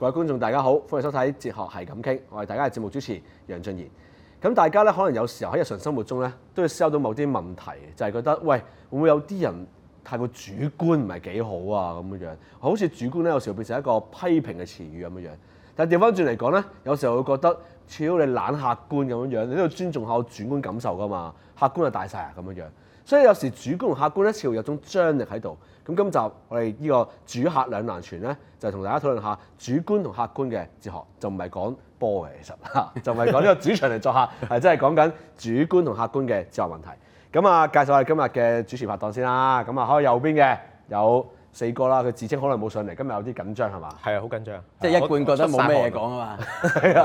各位觀眾，大家好，歡迎收睇《哲學係咁傾》，我係大家嘅節目主持楊俊賢。咁大家咧，可能有時候喺日常生活中咧，都會收到某啲問題，就係、是、覺得，喂，會唔會有啲人太過主觀唔係幾好啊？咁樣，好似主觀咧，有時候變成一個批評嘅詞語咁樣。但調翻轉嚟講咧，有時候會覺得，似你懶客觀咁樣，你都要尊重下我主觀感受噶嘛，客觀就大晒啊咁樣。所以有時主觀同客觀咧，似乎有種張力喺度。咁今集我哋呢個主客兩難全呢，就同大家討論下主觀同客觀嘅哲學，就唔係講波嘅，其實就唔係講呢個主場嚟作客，係 真係講緊主觀同客觀嘅哲學問題。咁啊，介紹下今日嘅主持拍檔先啦。咁啊，喺右邊嘅有。四個啦，佢自稱可能冇上嚟，今日有啲緊張係嘛？係啊，好緊張，即係一貫覺得冇咩嘢講啊嘛。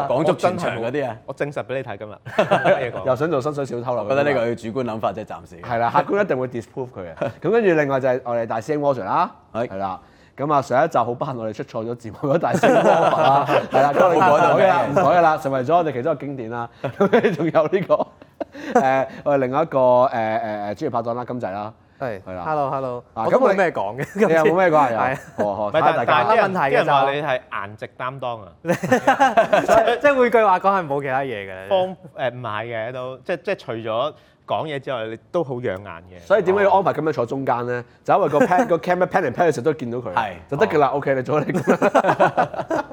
講足全場嗰啲啊！我證實俾你睇今日又想做薪水小偷啦！我覺得呢個係主觀諗法，即係暫時係啦。客觀一定會 disprove 佢嘅。咁跟住另外就係我哋大聲 version 啦，係啦。咁啊，上一集好不幸我哋出錯咗字幕，咗大聲 version 改就好啦，唔改咗啦，成為咗我哋其中一個經典啦。咁跟住仲有呢個誒，我哋另外一個誒誒誒，專業拍檔啦，金仔啦。係係啦。Hello Hello，我冇咩講嘅。你又冇咩講啊？係。唔係，但係問題嘅就係你係顏值擔當啊！即即每句話講係冇其他嘢嘅。幫誒唔係嘅都，即即除咗講嘢之外，你都好養眼嘅。所以點解要安排咁樣坐中間咧？就因為個 pan 個 camera pan 嚟 pan 去時都見到佢，係就得嘅啦。OK，你做你咁啦。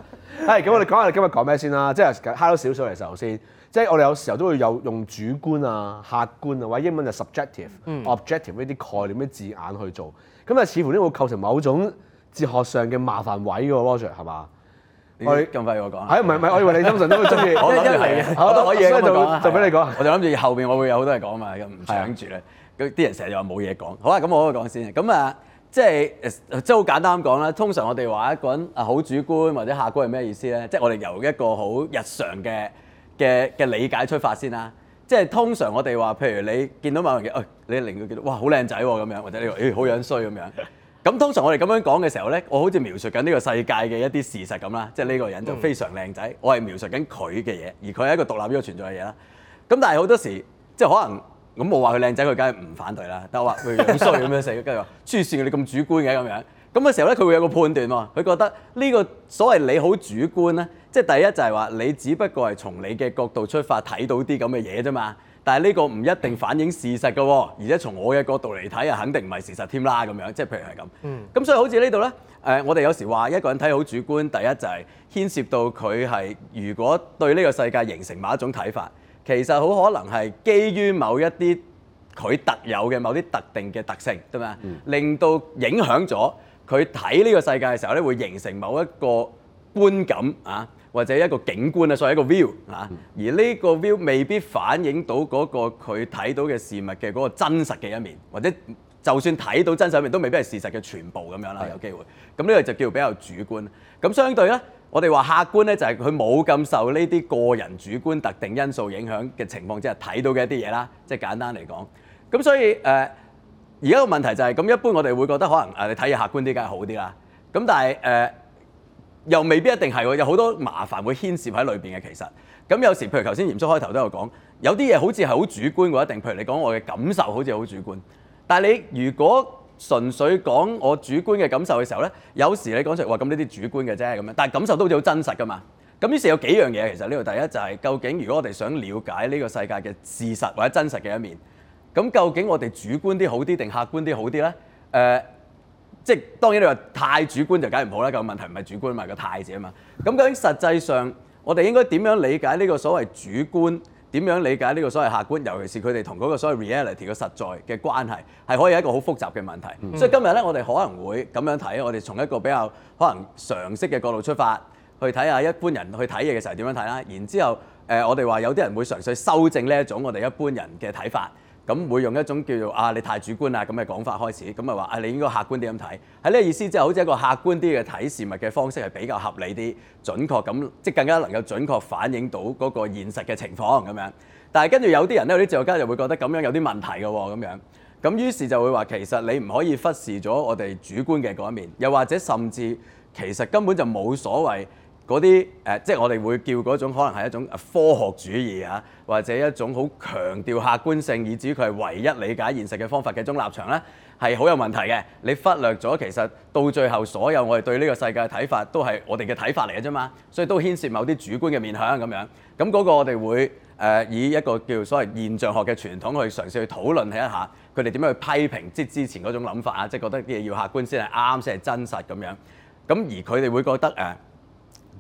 係咁，我哋講下你今日講咩先啦。即係 Hello 小水嚟首先。即係我哋有時候都會有用主觀啊、客觀啊，或者英文就 subjective、嗯、objective 呢啲概念、啲字眼去做，咁啊似乎都會構成某種哲學上嘅麻煩位喎、啊、Roger 係嘛？你 我咁快要我講啊？唔係唔係？我以為你通常都中意 好，我都可以嘅。我諗住就說是就俾你講。我就諗住後面我會有好多嘢講嘛，咁唔搶住咧。佢啲的人成日就話冇嘢講。好啦，咁我講先說。咁啊，即係即係好簡單講啦。通常我哋話一個人啊好主觀或者客觀係咩意思咧？即係我哋由一個好日常嘅。嘅嘅理解出發先啦，即係通常我哋話，譬如你見到某人、哎、你見到某樣嘢，你令佢見到哇好靚仔咁、啊、樣，或者你話誒好樣衰咁樣。咁通常我哋咁樣講嘅時候咧，我好似描述緊呢個世界嘅一啲事實咁啦，即係呢個人就非常靚仔，我係描述緊佢嘅嘢，而佢係一個獨立呢個存在嘅嘢啦。咁但係好多時即係可能咁我話佢靚仔，佢梗係唔反對啦。但係我話佢樣衰咁樣，死。」跟住話黐線，你咁主觀嘅咁樣。咁嘅時候咧，佢會有個判斷喎。佢覺得呢個所謂你好主觀咧，即係第一就係話你只不過係從你嘅角度出發睇到啲咁嘅嘢啫嘛。但係呢個唔一定反映事實嘅，而且從我嘅角度嚟睇，肯定唔係事實添啦。咁樣即係譬如係咁。咁、嗯嗯、所以好似呢度咧，誒我哋有時話一個人睇好主觀，第一就係牽涉到佢係如果對呢個世界形成某一種睇法，其實好可能係基於某一啲佢特有嘅某啲特定嘅特性，對嘛、嗯？令到影響咗。佢睇呢個世界嘅時候咧，會形成某一個觀感啊，或者一個景觀啊，所謂一個 view 啊。而呢個 view 未必反映到嗰個佢睇到嘅事物嘅嗰個真實嘅一面，或者就算睇到真實的一面，都未必係事實嘅全部咁樣啦。有機會，咁呢個就叫比較主觀。咁相對呢，我哋話客觀呢，就係佢冇咁受呢啲個人主觀特定因素影響嘅情況之下睇到嘅一啲嘢啦。即係簡單嚟講，咁所以誒。呃而家個問題就係、是、咁，一般我哋會覺得可能誒、啊，你睇下客觀啲梗係好啲啦。咁但係誒、呃，又未必一定係喎，有好多麻煩會牽涉喺裏邊嘅。其實，咁有時譬如頭先嚴叔開頭都有講，有啲嘢好似係好主觀嘅一定，譬如你講我嘅感受好似好主觀。但係你如果純粹講我主觀嘅感受嘅時候咧，有時你講出嚟話咁呢啲主觀嘅啫咁樣，但係感受都好似好真實㗎嘛。咁於是有幾樣嘢其實呢度第一就係、是、究竟如果我哋想了解呢個世界嘅事實或者真實嘅一面。咁究竟我哋主觀啲好啲定客觀啲好啲咧？誒、呃，即係當然你話太主觀就梗係唔好啦。咁、那個、問題唔係主觀，唔係個太字啊嘛。咁究竟實際上，我哋應該點樣理解呢個所謂主觀，點樣理解呢個所謂客觀，尤其是佢哋同個所謂 reality 嘅實在嘅關係，係可以有一個好複雜嘅問題。嗯、所以今日咧，我哋可能會咁樣睇，我哋從一個比較可能常識嘅角度出發去睇下一般人去睇嘢嘅時候點樣睇啦。然之後誒、呃，我哋話有啲人會純粹修正呢一種我哋一般人嘅睇法。咁會用一種叫做啊你太主觀啦咁嘅講法開始，咁咪話啊你應該客觀啲咁睇。喺呢個意思即係好似一個客觀啲嘅睇事物嘅方式係比較合理啲、準確咁，即係更加能夠準確反映到嗰個現實嘅情況咁樣。但係跟住有啲人咧，有啲哲學家就會覺得咁樣有啲問題嘅喎咁樣，咁於是就會話其實你唔可以忽視咗我哋主觀嘅嗰一面，又或者甚至其實根本就冇所謂。嗰啲即係我哋會叫嗰種，可能係一種科學主義啊，或者一種好強調客觀性，以至於佢係唯一理解現實嘅方法嘅一種立場呢，係好有問題嘅。你忽略咗其實到最後，所有我哋對呢個世界嘅睇法都係我哋嘅睇法嚟嘅啫嘛，所以都牽涉某啲主觀嘅面向咁樣。咁、那、嗰個我哋會誒、呃、以一個叫所謂現象學嘅傳統去嘗試去討論睇一下佢哋點樣去批評即之前嗰種諗法啊，即係覺得啲嘢要客觀先係啱先係真實咁樣。咁而佢哋會覺得、啊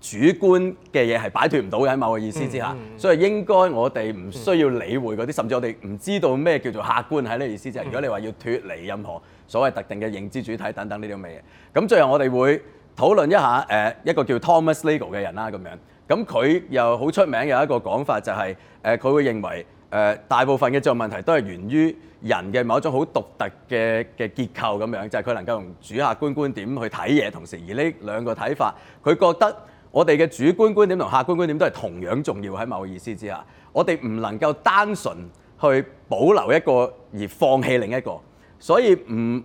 主觀嘅嘢係擺脱唔到嘅，喺某個意思之下，嗯嗯、所以應該我哋唔需要理會嗰啲，甚至我哋唔知道咩叫做客觀喺呢個意思就啫。如果你話要脱離任何所謂特定嘅認知主體等等呢啲咁嘅嘢。咁最後我哋會討論一下誒、呃、一個叫 Thomas Nagel 嘅人啦，咁樣咁佢又好出名有一個講法，就係誒佢會認為誒、呃、大部分嘅哲學問題都係源於人嘅某種好獨特嘅嘅結構咁樣，就係、是、佢能夠用主客觀觀點去睇嘢，同時而呢兩個睇法，佢覺得。我哋嘅主觀觀點同客觀觀點都係同樣重要，喺某個意思之下，我哋唔能夠單純去保留一個而放棄另一個，所以唔。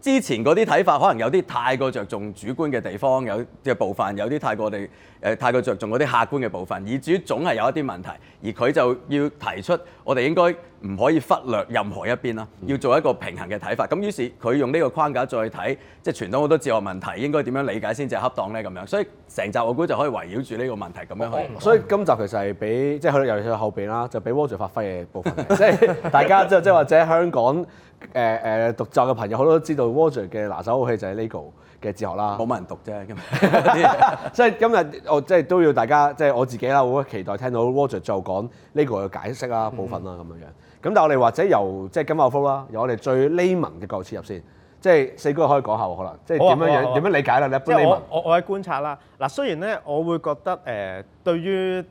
之前嗰啲睇法可能有啲太過着重主觀嘅地方，有啲嘅部分有啲太過哋，誒太過着重嗰啲客觀嘅部分，以至於總係有一啲問題，而佢就要提出我哋應該唔可以忽略任何一邊啦，要做一個平衡嘅睇法。咁於是佢用呢個框架再去睇，即係傳統好多哲學問題應該點樣理解先至恰當咧咁樣，所以成集我估就可以圍繞住呢個問題咁的樣去。所以今集其實係俾即係去到尤其是後邊啦，就俾 Roger 發揮嘅部分，即係 大家即係或者香港。誒誒讀作嘅朋友好多都知道，Walter 嘅拿手好戲就係 l e g a l 嘅哲學啦。冇乜人讀啫，咁啊，所以今日我即係都要大家即係我自己啦，好期待聽到 Walter 就講 l e g a l 嘅解釋啊部分啊咁樣樣。咁但係我哋或者由即係今日我啦，由我哋最匿 a 嘅角度切入先，即係四個可以講下喎可能怎，即係點樣樣點樣理解啦、哦哦哦？即係我我我喺觀察啦。嗱，雖然咧，我會覺得誒、呃、對於。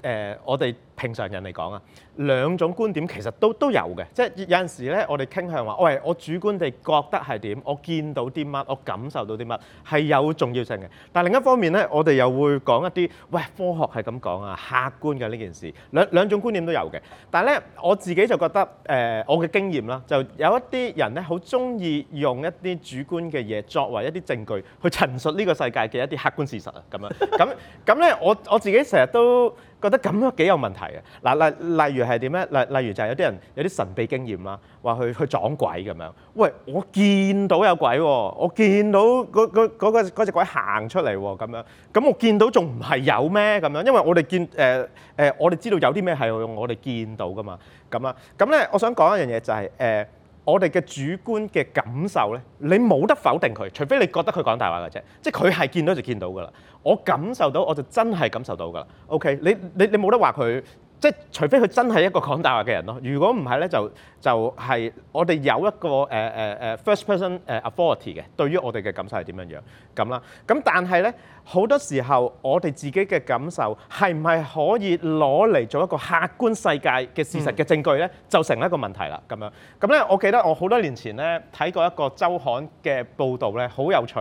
誒、呃，我哋平常人嚟講啊，兩種觀點其實都都有嘅，即係有陣時咧，我哋傾向話，喂，我主觀地覺得係點，我見到啲乜，我感受到啲乜係有重要性嘅。但另一方面咧，我哋又會講一啲，喂，科學係咁講啊，客觀嘅呢件事，兩兩種觀點都有嘅。但咧，我自己就覺得，誒、呃，我嘅經驗啦，就有一啲人咧，好中意用一啲主觀嘅嘢作為一啲證據去陳述呢個世界嘅一啲客觀事實啊，咁樣，咁咁咧，我我自己成日都覺得咁樣幾有問題嘅嗱，例例如係點咧？例例如就係有啲人有啲神秘經驗啦，話去去撞鬼咁樣。喂，我見到有鬼喎，哦，我見到嗰嗰隻鬼行出嚟喎，咁樣。咁我見到仲唔係有咩咁樣？因為我哋見誒誒、呃呃，我哋知道有啲咩係我哋見到㗎嘛，咁啦。咁咧，我想講一樣嘢就係，是、誒。呃我哋嘅主觀嘅感受咧，你冇得否定佢，除非你覺得佢講大話嘅啫，即係佢係見到就見到噶啦。我感受到我就真係感受到噶啦。OK，你你你冇得話佢。即係除非佢真係一個講大話嘅人咯，如果唔係咧，就就係、是、我哋有一個誒誒誒 first person authority 嘅，對於我哋嘅感受係點樣樣咁啦。咁但係咧，好多時候我哋自己嘅感受係唔係可以攞嚟做一個客觀世界嘅事實嘅證據咧，嗯、就成一個問題啦。咁樣咁咧，我記得我好多年前咧睇過一個周刊嘅報導咧，好有趣。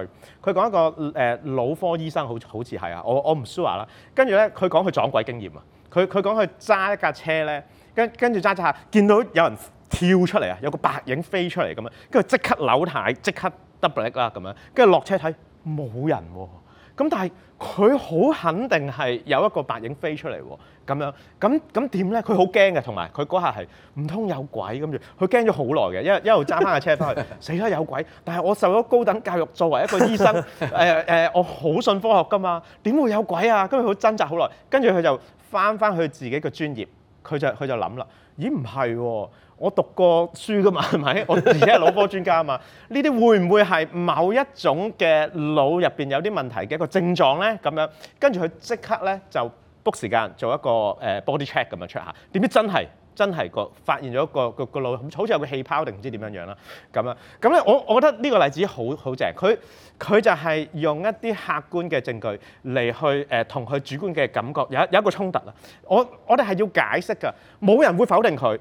佢講一個誒腦、uh, 科醫生，好好似係啊，我我唔 sure 啦。跟住咧，佢講佢撞鬼經驗啊。佢佢講佢揸一架車咧，跟跟住揸揸下，見到有人跳出嚟啊！有個白影飛出嚟咁樣，跟住即刻扭軚，即刻 double click 啦咁樣，跟住落車睇冇人喎、啊，咁但係佢好肯定係有一個白影飛出嚟喎，咁樣咁咁點咧？佢好驚嘅，同埋佢嗰下係唔通有鬼跟住，佢驚咗好耐嘅，因為一路揸翻架車翻去， 死啦有鬼！但係我受咗高等教育，作為一個醫生，誒、呃、誒、呃，我好信科學㗎嘛，點會有鬼啊？跟住佢掙扎好耐，跟住佢就，翻翻去自己嘅專業，佢就佢就諗啦，咦，唔係喎，我讀過書㗎嘛，係咪、啊？我自己係腦科專家啊嘛，呢啲 會唔會係某一種嘅腦入邊有啲問題嘅一個症狀咧？咁樣，跟住佢即刻咧就 book 時間做一個誒 body check 咁樣 check 下，點知真係。真係個發現咗個個個腦好似有個氣泡定唔知點樣樣啦，咁啊咁咧，我我覺得呢個例子好好正。佢佢就係用一啲客觀嘅證據嚟去誒同佢主觀嘅感覺有有一個衝突啦。我我哋係要解釋㗎，冇人會否定佢。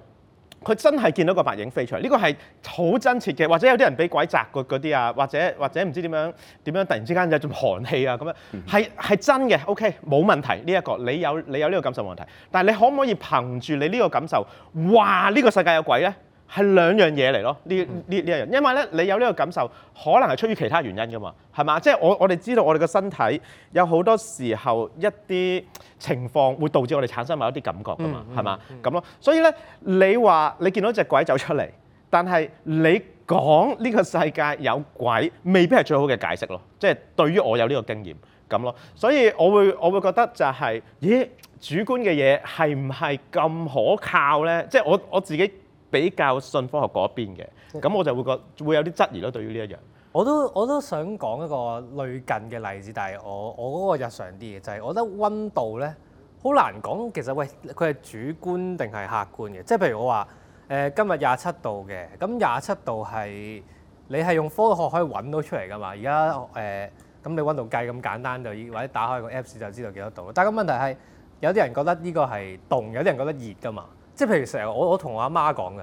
佢真係見到個白影飛出嚟，呢個係好真切嘅。或者有啲人俾鬼砸擊嗰啲啊，或者或者唔知點樣點樣，樣突然之間有種寒氣啊咁樣係係、嗯、哼真嘅。OK，冇問題。呢一個你有你有呢個感受冇問題，但係你可唔可以憑住你呢個感受，哇！呢個世界有鬼咧？係兩樣嘢嚟咯，呢呢呢一樣，因為咧你有呢個感受，可能係出於其他原因噶嘛，係嘛？即係我我哋知道我哋個身體有好多時候一啲情況會導致我哋產生某一啲感覺噶嘛，係嘛？咁咯，所以咧你話你見到隻鬼走出嚟，但係你講呢個世界有鬼，未必係最好嘅解釋咯。即係對於我有呢個經驗咁咯，所以我會我會覺得就係，咦，主觀嘅嘢係唔係咁可靠咧？即係我我自己。比較信科學嗰邊嘅，咁我就會覺得會有啲質疑咯，對於呢一樣我。我都我都想講一個類近嘅例子，但係我我嗰個日常啲嘅就係，我覺得溫度咧好難講。其實喂，佢係主觀定係客觀嘅？即係譬如我話誒、呃、今日廿七度嘅，咁廿七度係你係用科學可以揾到出嚟㗎嘛？而家誒咁你溫度計咁簡單就，或者打開個 Apps 就知道幾多少度。但係個問題係有啲人覺得呢個係凍，有啲人覺得熱㗎嘛。即係譬如成日我我同我阿媽講嘅，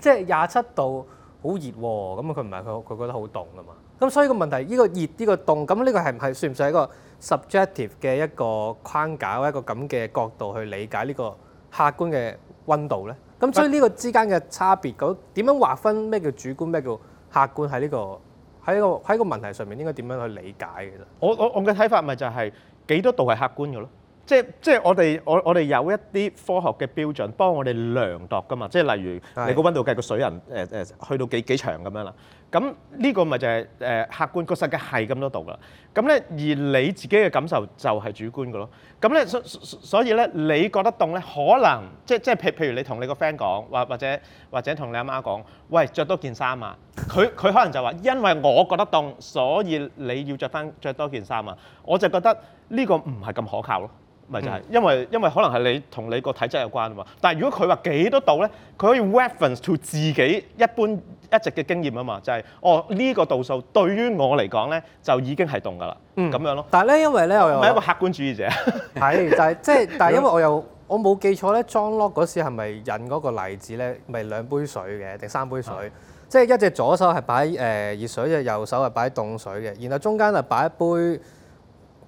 即係廿七度好熱喎，咁佢唔係佢佢覺得好凍啊嘛。咁所以個問題，呢個熱呢個凍，咁呢個係唔係算唔算係一個 subjective 嘅一個框架或者一個咁嘅角度去理解呢個客觀嘅温度咧？咁所以呢個之間嘅差別，咁點樣劃分咩叫主觀，咩叫客觀在、這個？喺呢個喺個喺個問題上面應該點樣去理解？其實我我我嘅睇法咪就係幾多度係客觀嘅咯。即係，即係我哋我我哋有一啲科學嘅標準幫我哋量度㗎嘛，即係，例如你個溫度計個水銀誒誒是的 去到幾幾長咁樣啦。咁呢個咪就係誒客觀個世界係咁多度啦。咁咧，而你自己嘅感受就係主觀嘅咯。咁咧，所所以咧，你覺得凍咧，可能即即係譬譬如你同你個 friend 講，或者或者或者同你阿媽講，喂，着多件衫啊。佢佢可能就話，因為我覺得凍，所以你要着翻着多件衫啊。我就覺得呢個唔係咁可靠咯。咪就係，因為因為可能係你同你個體質有關啊嘛。但係如果佢話幾多度咧，佢可以 reference to 自己一般一直嘅經驗啊嘛。就係哦，呢個度數對於我嚟講咧，就已經係凍㗎啦。嗯。咁樣咯。但係咧，因為咧，我又唔係一個客觀主義者。係 但係即係，但係因為我又我冇記錯咧 John Locke 嗰時係咪引嗰個例子咧？咪兩杯水嘅，定三杯水？嗯、即係一隻左手係擺誒熱水，嘅，右手係擺凍水嘅，然後中間啊擺一杯。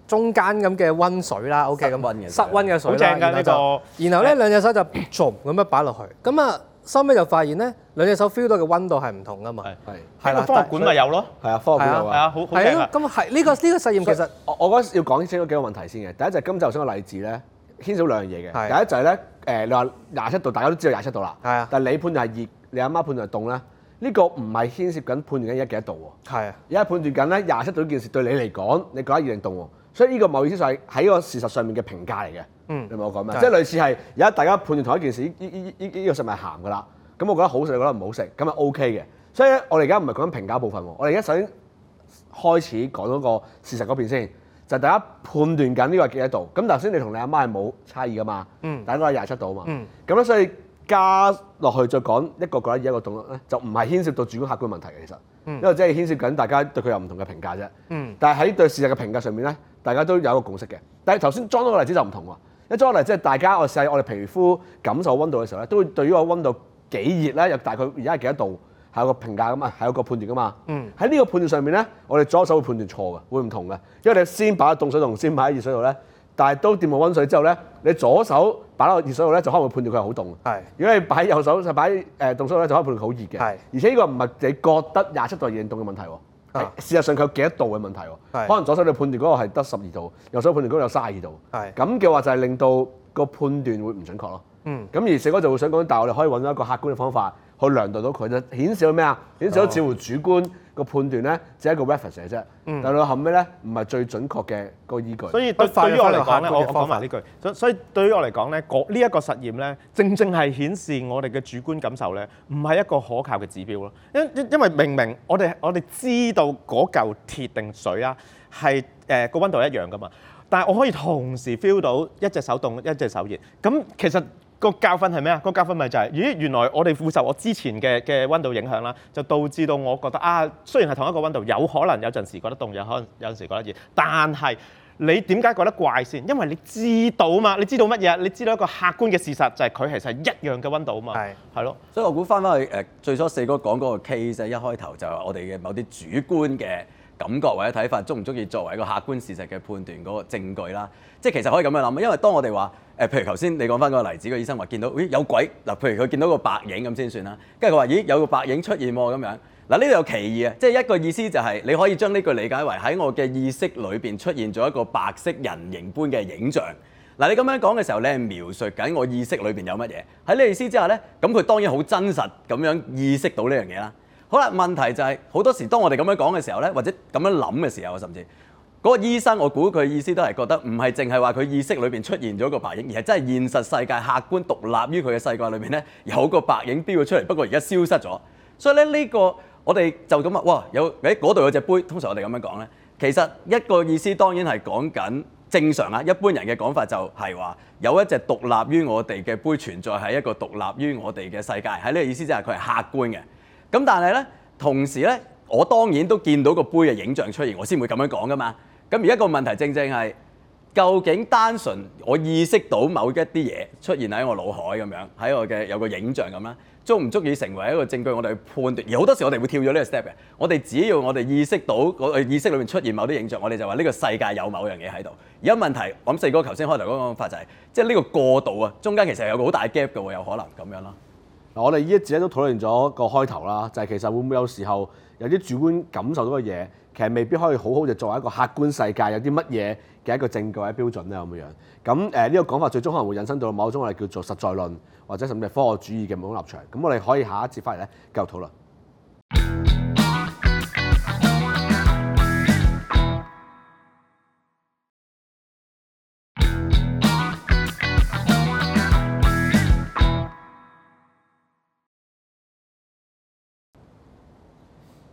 中間咁嘅溫水啦，OK 咁溫嘅，室溫嘅水好正㗎呢個。然後咧兩隻手就 jong 咁樣擺落去，咁啊收尾就發現咧兩隻手 feel 到嘅溫度係唔同㗎嘛。係係。聽個科學館咪有咯。係啊，科學館有啊。係啊，好好，好。咁呢個呢個實驗其實我我覺得要講清楚幾個問題先嘅。第一就係今集頭先個例子咧牽涉到兩樣嘢嘅。第一就係咧誒你話廿七度，大家都知道廿七度啦。係啊。但係你判斷係熱，你阿媽判就係凍咧。呢個唔係牽涉緊判斷緊而家幾多度喎。係。而家判斷緊咧廿七度呢件事對你嚟講，你覺得熱定凍喎？所以呢個某意思就係喺個事實上面嘅評價嚟嘅，嗯、你明我講咩？即係類似係，而家大家判斷同一件事，呢呢呢呢呢個食物係鹹嘅啦。咁我覺得好食，你覺得唔好食，咁咪 OK 嘅。所以咧，我哋而家唔係講評價部分喎，我哋而家首先開始講嗰個事實嗰邊先，就係、是、大家判斷緊呢個係幾多度？咁頭先你同你阿媽係冇差異噶、嗯、嘛嗯？嗯，大家都係廿七度啊嘛。嗯，咁咧所以加落去再講一個角度，二一個角度，咧，就唔係牽涉到主觀客觀問題嘅，其實，嗯、因為即係牽涉緊大家對佢有唔同嘅評價啫。嗯，但係喺對事實嘅評價上面咧。大家都有一個共識嘅，但係頭先裝咗個例子就唔同喎。一裝落嚟，即係大家我試我哋皮膚感受温度嘅時候咧，都會對於個温度幾熱咧，又大概而家係幾多度，係有個評價㗎嘛，係有個判斷噶嘛。嗯。喺呢個判斷上面咧，我哋左手會判斷錯嘅，會唔同嘅，因為你先擺喺凍水度同先擺喺熱水度咧。但係都掂過温水之後咧，你左手擺喺熱水度咧，就可能會判斷佢係好凍。係。是的 如果你擺喺右手就擺誒凍水度咧，就可以判斷好熱嘅。係。是的 而且呢個唔係你覺得廿七度熱唔凍嘅問題喎。事實上佢有幾多度嘅問題，係可能左手你判斷嗰個係得十二度，右手的判斷嗰個有三十二度，係咁嘅話就係令到個判斷會唔準確咯。嗯，咁而四哥就會想講，但係我哋可以揾到一個客觀嘅方法。去量度到佢咧，顯示到咩啊？顯示到似乎主觀個判斷咧，只係一個 reference 嘅啫。但到後尾咧，唔係最準確嘅個依據。所以對於我嚟講咧，我講埋呢句。所以對於我嚟講咧，嗰呢一個實驗咧，正正係顯示我哋嘅主觀感受咧，唔係一個可靠嘅指標咯。因因為明明我哋我哋知道嗰嚿鐵定水啊，係誒個温度一樣㗎嘛。但係我可以同時 feel 到一隻手凍，一隻手熱。咁其實。個教訓係咩啊？個教訓咪就係，咦，原來我哋受我之前嘅嘅温度影響啦，就導致到我覺得啊，雖然係同一個温度，有可能有陣時覺得凍，有可能有陣時覺得熱，但係你點解覺得怪先？因為你知道嘛，你知道乜嘢？你知道一個客觀嘅事實就係佢其實係一樣嘅温度嘛。係。係咯。所以我估翻返去誒，最初四哥講嗰個 case，一開頭就係我哋嘅某啲主觀嘅感覺或者睇法，足唔足以作為一個客觀事實嘅判斷嗰、那個證據啦？即係其實可以咁樣諗啊，因為當我哋話誒，譬如頭先你講翻個例子，個醫生話見到咦有鬼嗱，譬如佢見到個白影咁先算啦，跟住佢話咦有個白影出現喎咁樣嗱，呢度有歧義啊！即係一個意思就係、是、你可以將呢句理解為喺我嘅意識裏邊出現咗一個白色人形般嘅影像嗱，你咁樣講嘅時候，你係描述緊我意識裏邊有乜嘢，喺呢意思之下呢，咁佢當然好真實咁樣意識到呢樣嘢啦。好啦，問題就係、是、好多時，當我哋咁樣講嘅時候呢，或者咁樣諗嘅時候甚至嗰、那個醫生，我估佢意思都係覺得唔係淨係話佢意識裏邊出現咗個白影，而係真係現實世界客觀獨立於佢嘅世界裏面呢，有一個白影標咗出嚟，不過而家消失咗。所以咧、這個，呢個我哋就咁話，哇，有喺嗰度有隻杯。通常我哋咁樣講呢，其實一個意思當然係講緊正常啦。一般人嘅講法就係話，有一隻獨立於我哋嘅杯存在喺一個獨立於我哋嘅世界。喺呢個意思之下，佢係客觀嘅。咁但係咧，同時咧，我當然都見到個杯嘅影像出現，我先會咁樣講噶嘛。咁而家個問題正正係，究竟單純我意識到某一啲嘢出現喺我腦海咁樣，喺我嘅有個影像咁啦，足唔足以成為一個證據我哋去判斷？而好多時我哋會跳咗呢個 step 嘅。我哋只要我哋意識到我意識裏面出現某啲影像，我哋就話呢個世界有某樣嘢喺度。而家問題，咁四哥頭先開頭嗰個法就係、是，即係呢個過渡啊，中間其實有個好大嘅 gap 嘅喎，有可能咁樣啦。嗱，我哋呢一節咧都討論咗個開頭啦，就係其實會唔會有時候有啲主觀感受到嘅嘢，其實未必可以好好就作為一個客觀世界有啲乜嘢嘅一個證據或者標準咧，咁嘅樣。咁誒呢個講法最終可能會引申到某種我哋叫做實在論，或者甚至科學主義嘅某種立場。咁我哋可以下一節翻嚟咧繼續討論。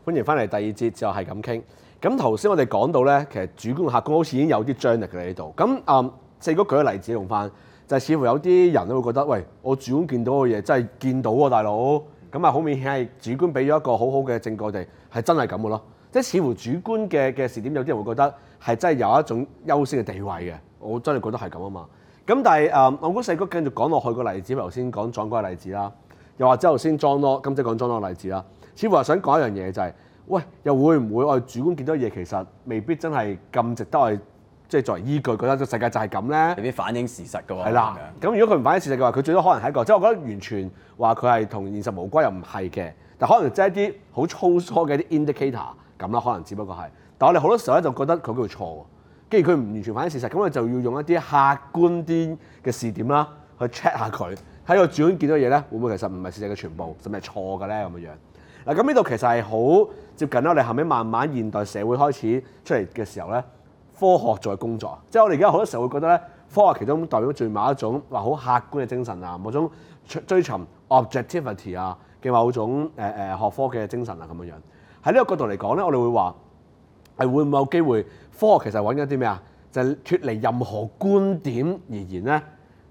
歡迎翻嚟第二節，就係咁傾。咁頭先我哋講到咧，其實主觀客觀好似已經有啲張力喺度。咁啊，細哥舉個例子用翻，就係、似乎有啲人都會覺得，喂，我主觀見到嘅嘢真係見到喎，大佬。咁啊，好明顯係主觀俾咗一個好好嘅證據，我哋係真係咁嘅咯。即係似乎主觀嘅嘅視點，有啲人會覺得係真係有一種優先嘅地位嘅。我真係覺得係咁啊嘛。咁但係、嗯、我估細哥繼續講落去個例子，頭先講撞鬼例子啦，又或者頭先裝咯，今次講裝咯例子啦。似乎話想講一樣嘢，就係喂，又會唔會我哋主觀見到嘢，其實未必真係咁值得我哋即係作為依據？覺得個世界就係咁咧？有啲反映事實嘅喎，係啦了。咁了如果佢唔反映事實嘅話，佢最多可能係一個即係我覺得完全話佢係同現實無關又唔係嘅，但可能即係一啲好粗疏嘅啲 indicator 咁啦。可能只不過係，但係我哋好多時候咧就覺得佢叫做錯，既然佢唔完全反映事實，咁我就要用一啲客觀啲嘅視點啦，去 check 下佢喺個主觀見到嘢咧，會唔會其實唔係事實嘅全部，甚至係錯嘅咧咁嘅樣。嗱，咁呢度其實係好接近啦。我哋後尾慢慢現代社會開始出嚟嘅時候咧，科學在工作，即係我哋而家好多時候會覺得咧，科學其中代表最某一種話好客觀嘅精神啊，某種追尋 objectivity 啊嘅某種誒誒學科嘅精神啊咁樣樣。喺呢個角度嚟講咧，我哋會話係會唔會有機會？科學其實揾緊啲咩啊？就係脫離任何觀點而言咧，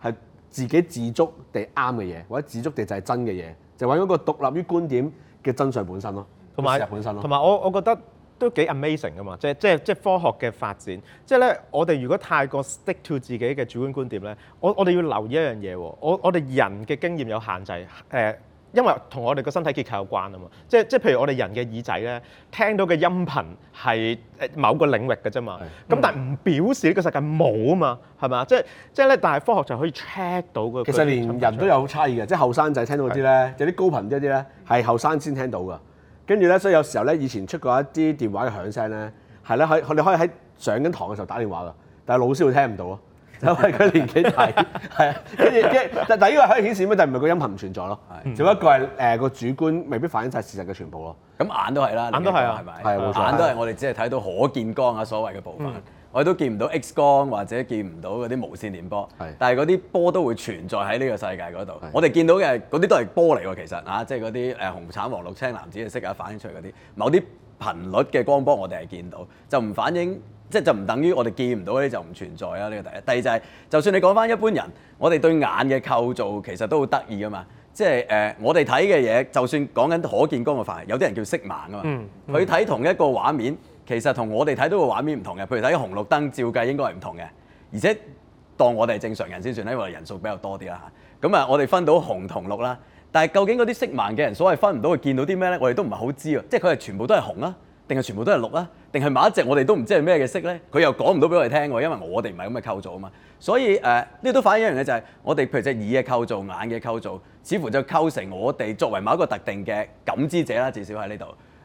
係自己自足地啱嘅嘢，或者自足地就係真嘅嘢，就揾嗰個獨立於觀點。嘅真相本身咯，同埋真相本身咯，同埋我我覺得都幾 amazing 噶嘛，即係即係即係科學嘅發展，即係咧我哋如果太過 stick to 自己嘅主觀觀點咧，我我哋要留意一樣嘢喎，我我哋人嘅經驗有限制誒。呃因為同我哋個身體結構有關啊嘛，即係即係譬如我哋人嘅耳仔咧，聽到嘅音頻係誒某個領域嘅啫嘛，咁的、嗯、但係唔表示呢個世界冇啊嘛，係嘛？即係即係咧，但係科學就可以 check 到嗰個。其實連人都有差異嘅，即係後生仔聽到啲咧，有啲是的 高頻啲一啲咧，係後生先聽到噶。跟住咧，所以有時候咧，以前出過一啲電話嘅響聲咧，係咧可佢哋可以喺上緊堂嘅時候打電話噶，但係老師會聽唔到啊。就係佢年紀大，係啊，跟住即係，但但依個可以顯示咩？但就唔係個音頻唔存在咯，是只不過係誒個主觀未必反映晒事實嘅全部咯。咁、嗯、眼都係啦，眼都係啊，係咪？眼都係我哋只係睇到可見光啊，所謂嘅部分，嗯、我哋都見唔到 X 光或者見唔到嗰啲無線電波。是但係嗰啲波都會存在喺呢個世界嗰度。是我哋見到嘅嗰啲都係波嚟喎，其實啊，即係嗰啲誒紅橙黃綠青藍紫嘅色啊，只反映出嚟嗰啲，某啲頻率嘅光波我哋係見到，就唔反映。即係就唔等於我哋見唔到嗰啲就唔存在啊！呢個第一。第二就係、是，就算你講返一般人，我哋對眼嘅構造其實都好得意㗎嘛。即係誒、呃，我哋睇嘅嘢，就算講緊可見光嘅範圍，有啲人叫色盲啊嘛。佢睇、嗯嗯、同一個畫面，其實同我哋睇到嘅畫面唔同嘅。譬如睇紅綠燈，照計應該係唔同嘅。而且當我哋係正常人先算啦，因為我哋人數比較多啲啦嚇。咁啊，我哋分到紅同綠啦。但係究竟嗰啲色盲嘅人所謂，所以分唔到佢見到啲咩呢？我哋都唔係好知啊。即係佢係全部都係紅啦。定係全部都係綠啦，定係某一隻我哋都唔知係咩嘅色呢？佢又講唔到俾我哋聽喎，因為我哋唔係咁嘅構造啊嘛。所以誒，呢個都反映一樣嘢就係、是，我哋譬如隻耳嘅構造、眼嘅構造，似乎就構成我哋作為某一個特定嘅感知者啦。至少喺呢度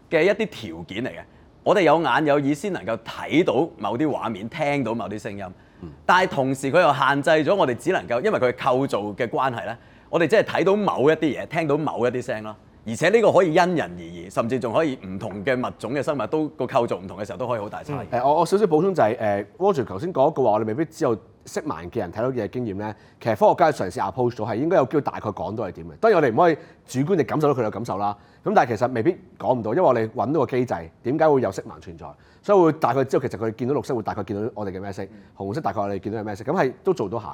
嘅一啲條件嚟嘅。我哋有眼有耳先能夠睇到某啲畫面、聽到某啲聲音，但係同時佢又限制咗我哋只能夠，因為佢構造嘅關係呢，我哋即係睇到某一啲嘢、聽到某一啲聲咯。而且呢個可以因人而異，甚至仲可以唔同嘅物種嘅生物都個構造唔同嘅時候，都可以好大差異。誒、嗯，我我少少補充就係、是、誒、嗯、，Roger 頭先講嘅話，我哋未必知道色盲嘅人睇到嘅經驗咧。其實科學家嘗試 approach 咗，係應該有機會大概講到係點嘅。當然我哋唔可以主觀地感受到佢嘅感受啦。咁但係其實未必講唔到，因為我哋揾到個機制，點解會有色盲存在，所以會大概知道其實佢見到綠色會大概見到我哋嘅咩色，紅色大概我哋見到係咩色。咁係都做到下嘅。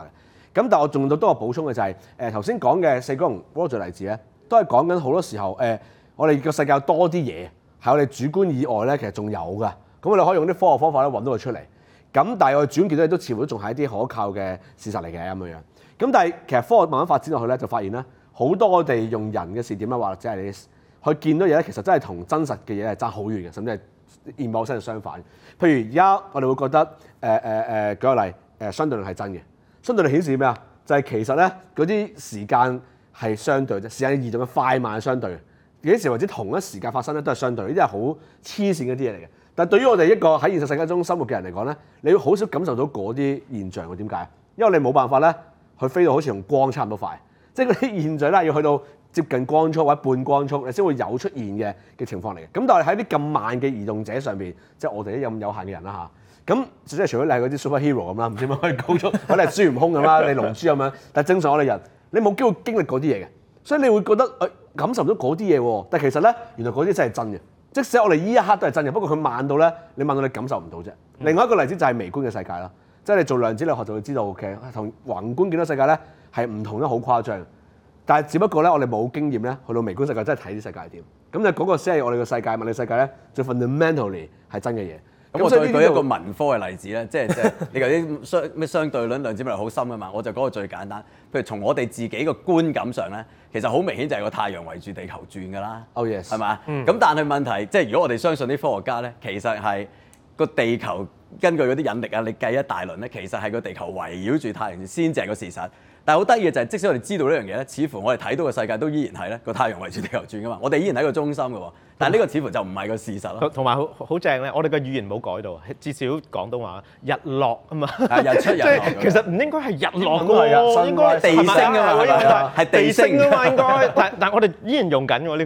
咁但係我仲有多個補充嘅就係誒頭先講嘅四個同 Roger 咧。都係講緊好多時候，誒、呃，我哋個世界多啲嘢係我哋主觀以外咧，其實仲有㗎。咁我哋可以用啲科學方法咧揾到佢出嚟。咁但係我哋轉幾到，嘢都似乎都仲係一啲可靠嘅事實嚟嘅咁樣樣。咁但係其實科學慢慢發展落去咧，就發現咧好多我哋用人嘅視點咧，或者係你去見到嘢咧，其實真係同真實嘅嘢係爭好遠嘅，甚至係與本身係相反。譬如而家我哋會覺得誒誒誒，舉個例誒、呃，相對論係真嘅。相對論顯示咩啊？就係、係、其實咧嗰啲時間。係相對啫，時間移動嘅快慢相對嘅。幾時或者同一時間發生咧，都係相對，呢啲係好黐線嗰啲嘢嚟嘅。但係對於我哋一個喺現實世界中生活嘅人嚟講咧，你好少感受到嗰啲現象嘅。點解？因為你冇辦法咧去飛到好似用光差唔多快，即係嗰啲現象咧要去到接近光速或者半光速，你先會有出現嘅嘅情況嚟嘅。咁但係喺啲咁慢嘅移動者上邊，即係我哋啲咁有限嘅人啦吓，咁即係除咗你係嗰啲 super hero 咁啦，唔知可唔可以高速？可能係孫悟空咁啦，你龍珠咁樣。 但係正常我哋人。你冇機會經歷嗰啲嘢嘅，所以你會覺得誒、哎、感受唔到嗰啲嘢喎，但其實咧，原來嗰啲真係真嘅。即使我哋依一刻都係真嘅，不過佢慢到咧，你慢到你感受唔到啫。嗯、另外一個例子就係微觀嘅世界啦，即、就、係、是、你做量子力學就會知道嘅，同宏觀見到世界咧係唔同得好誇張。但係只不過咧，我哋冇經驗咧，去到微觀世界真係睇啲世界係點。咁就嗰個先係我哋嘅世界，物理世界咧最 fundamentally 係真嘅嘢。咁我再舉一個文科嘅例子咧，即係即係你頭先相咩相對論量，量子物理好深㗎嘛，我就講個最簡單，譬如從我哋自己個觀感上咧，其實好明顯就係個太陽圍住地球轉㗎啦。Oh yes 吧。係嘛？咁但係問題即係如果我哋相信啲科學家咧，其實係個地球根據嗰啲引力啊，你計一大輪咧，其實係個地球圍繞住太陽先至係個事實。但好得意嘅就係、是，即使我哋知道呢樣嘢咧，似乎我哋睇到嘅世界都依然係咧個太陽圍住地球轉噶嘛，我哋依然喺個中心嘅。但呢個似乎就唔係個事實咯。同埋好好正咧，我哋個語言冇改到，至少廣東話日落啊嘛。啊， 日出日落，就是。其實唔應該係日落嘅應應該，應該地升嘅嘛。係地升嘅嘛應該。 但但我哋依然用緊喎呢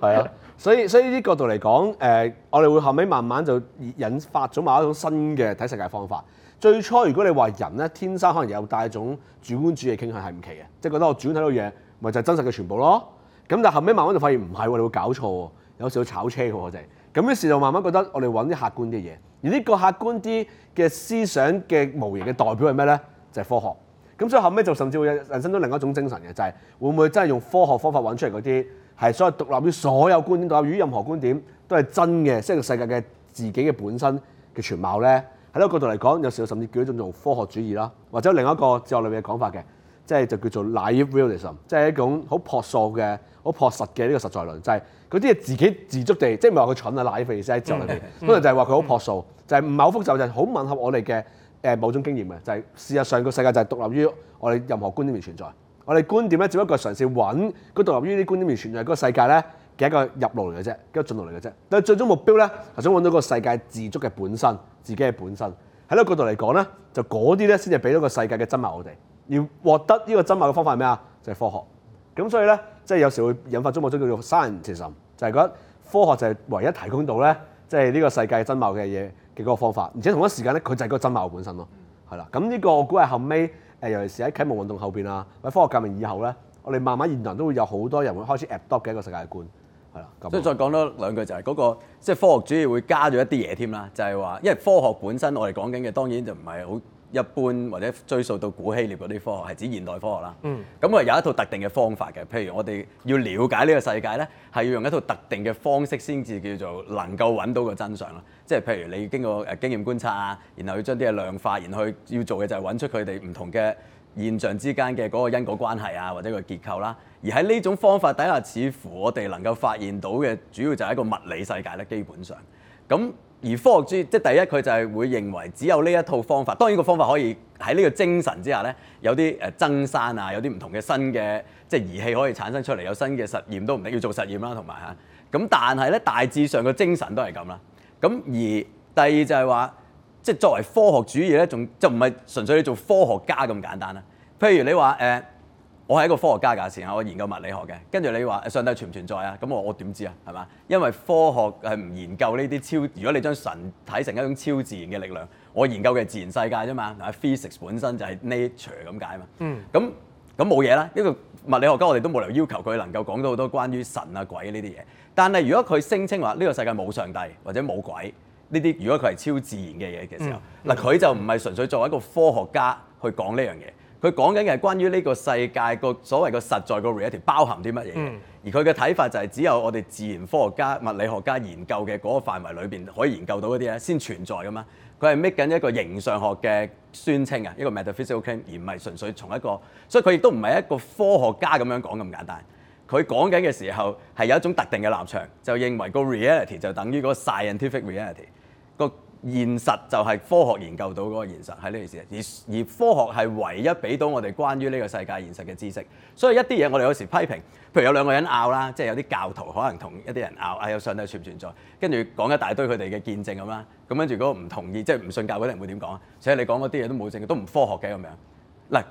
個係。啊 所以所以呢個角度嚟講，呃、我哋會後尾慢慢就引發咗某一種新嘅睇世界方法。最初如果你話人咧，天生可能有帶一種主觀主義傾向係唔奇嘅，即係覺得我主觀睇到嘢，咪就係真實嘅全部咯。咁但後尾慢慢就發現唔係喎，你會搞錯喎，有時會炒車嘅我哋。咁於是就慢慢覺得我哋搵啲客觀啲嘢，而呢個客觀啲嘅思想嘅模型嘅代表係咩咧？就係、是、科學。咁所以後尾就甚至會人生到另一種精神嘅，就係、是、會唔會真係用科學方法搵出嚟嗰啲係所謂獨立於所有觀點，獨立於任何觀點都係真嘅，即係個世界嘅自己嘅本身嘅全貌咧？喺呢個角度嚟講，有時我甚至叫呢種做科學主義啦，或者另一個哲學裏面嘅講法嘅，即係就叫做 naive realism，即係一種好樸素嘅、好樸實嘅呢個實在論，就係嗰啲嘢自己自足地，即係唔係話佢蠢啊，naive realism 喺哲學裏面，可能，mm hmm. 就係話佢好樸素，就係唔係好複雜，就係好吻合我哋嘅誒某種經驗嘅，就係事實上個世界就係獨立於我哋任何觀點而存在，我哋觀點咧只不過嘗試揾嗰獨立於呢啲觀點而存在嗰世界咧。嘅一個入路嚟嘅啫，跟住進路嚟嘅啫。但係最終目標咧，係想揾到個世界自足嘅本身，自己嘅本身。喺呢個角度嚟講咧，就嗰啲咧先至俾到個世界嘅真貌我哋。要獲得呢個真貌嘅方法係咩啊？就係、是、科學。咁所以咧，即、就、係、是、有時候會引發某種叫做 scientism 就係覺得科學就係唯一提供到咧，即係呢個世界嘅真貌嘅嘢嘅嗰個方法。而且同一時間咧，佢就係嗰個真貌本身咯。係啦，咁呢個我估係後尾誒，尤其是喺啟蒙運動後邊啊，或者科學革命以後咧，我哋慢慢現代都會有好多人會開始 adopt 嘅一個世界觀。係啦，所以再講多兩句就係嗰個即係科學主義會加咗一啲嘢添啦，就係話，因為科學本身我哋講緊嘅當然就唔係好一般或者追溯到古希臘嗰啲科學，係指現代科學啦。嗯。咁啊有一套特定嘅方法嘅，譬如我哋要了解呢個世界咧，係要用一套特定嘅方式先至叫做能夠揾到個真相啦。即係譬如你經過經驗觀察啊，然後要將啲嘢量化，然後去要做嘅就係揾出佢哋唔同嘅。現象之間嘅嗰個因果關係啊，或者個結構啦、啊，而喺呢種方法底下，似乎我哋能夠發現到嘅主要就係一個物理世界咧，基本上。咁而科學主義，即係第一，佢就係會認為只有呢一套方法。當然個方法可以喺呢個精神之下呢，有啲誒增刪啊，有啲唔同嘅新嘅即係儀器可以產生出嚟，有新嘅實驗都唔一定要做實驗啦，同埋嚇。咁但係呢，大致上個精神都係咁啦。咁而第二就係話。即係作為科學主義咧，仲就唔係純粹你做科學家咁簡單啦。譬如你話誒、呃，我係一個科學家㗎，成日我研究物理學嘅。跟住你話上帝存唔存在啊？咁我我點知啊？係嘛？因為科學係唔研究呢啲超。如果你將神睇成一種超自然嘅力量，我研究嘅自然世界啫嘛。嗱，Physics 本身就係 nature 咁解嘛。嗯那。咁咁冇嘢啦。呢個物理學家我哋都冇理由要求佢能夠講到好多關於神啊鬼呢啲嘢。但係如果佢聲稱話呢個世界冇上帝或者冇鬼。呢啲如果佢係超自然嘅嘢嘅時候，嗱佢、嗯嗯、就唔係純粹作為一個科學家去講呢樣嘢，佢講緊嘅係關於呢個世界個所謂個實在個 reality 包含啲乜嘢，而佢嘅睇法就係只有我哋自然科學家、物理學家研究嘅嗰個範圍裏邊可以研究到嗰啲咧，先存在噶嘛。佢係 make 緊一個形上學嘅宣稱啊，一個 metaphysical claim，而唔係純粹從一個，所以佢亦都唔係一個科學家咁樣講咁簡單。佢講緊嘅時候係有一種特定嘅立場，就認為個 reality 就等於嗰個 scientific reality。個現實就係科學研究到嗰個現實係呢件事，而而科學係唯一俾到我哋關於呢個世界現實嘅知識，所以一啲嘢我哋有時批評，譬如有兩個人拗啦，即係有啲教徒可能同一啲人拗啊，有上帝存唔存在，跟住講一大堆佢哋嘅見證咁啦，咁跟住如果唔同意即係唔信教嗰啲人會點講啊？所以你講嗰啲嘢都冇證據，都唔科學嘅咁樣，嗱，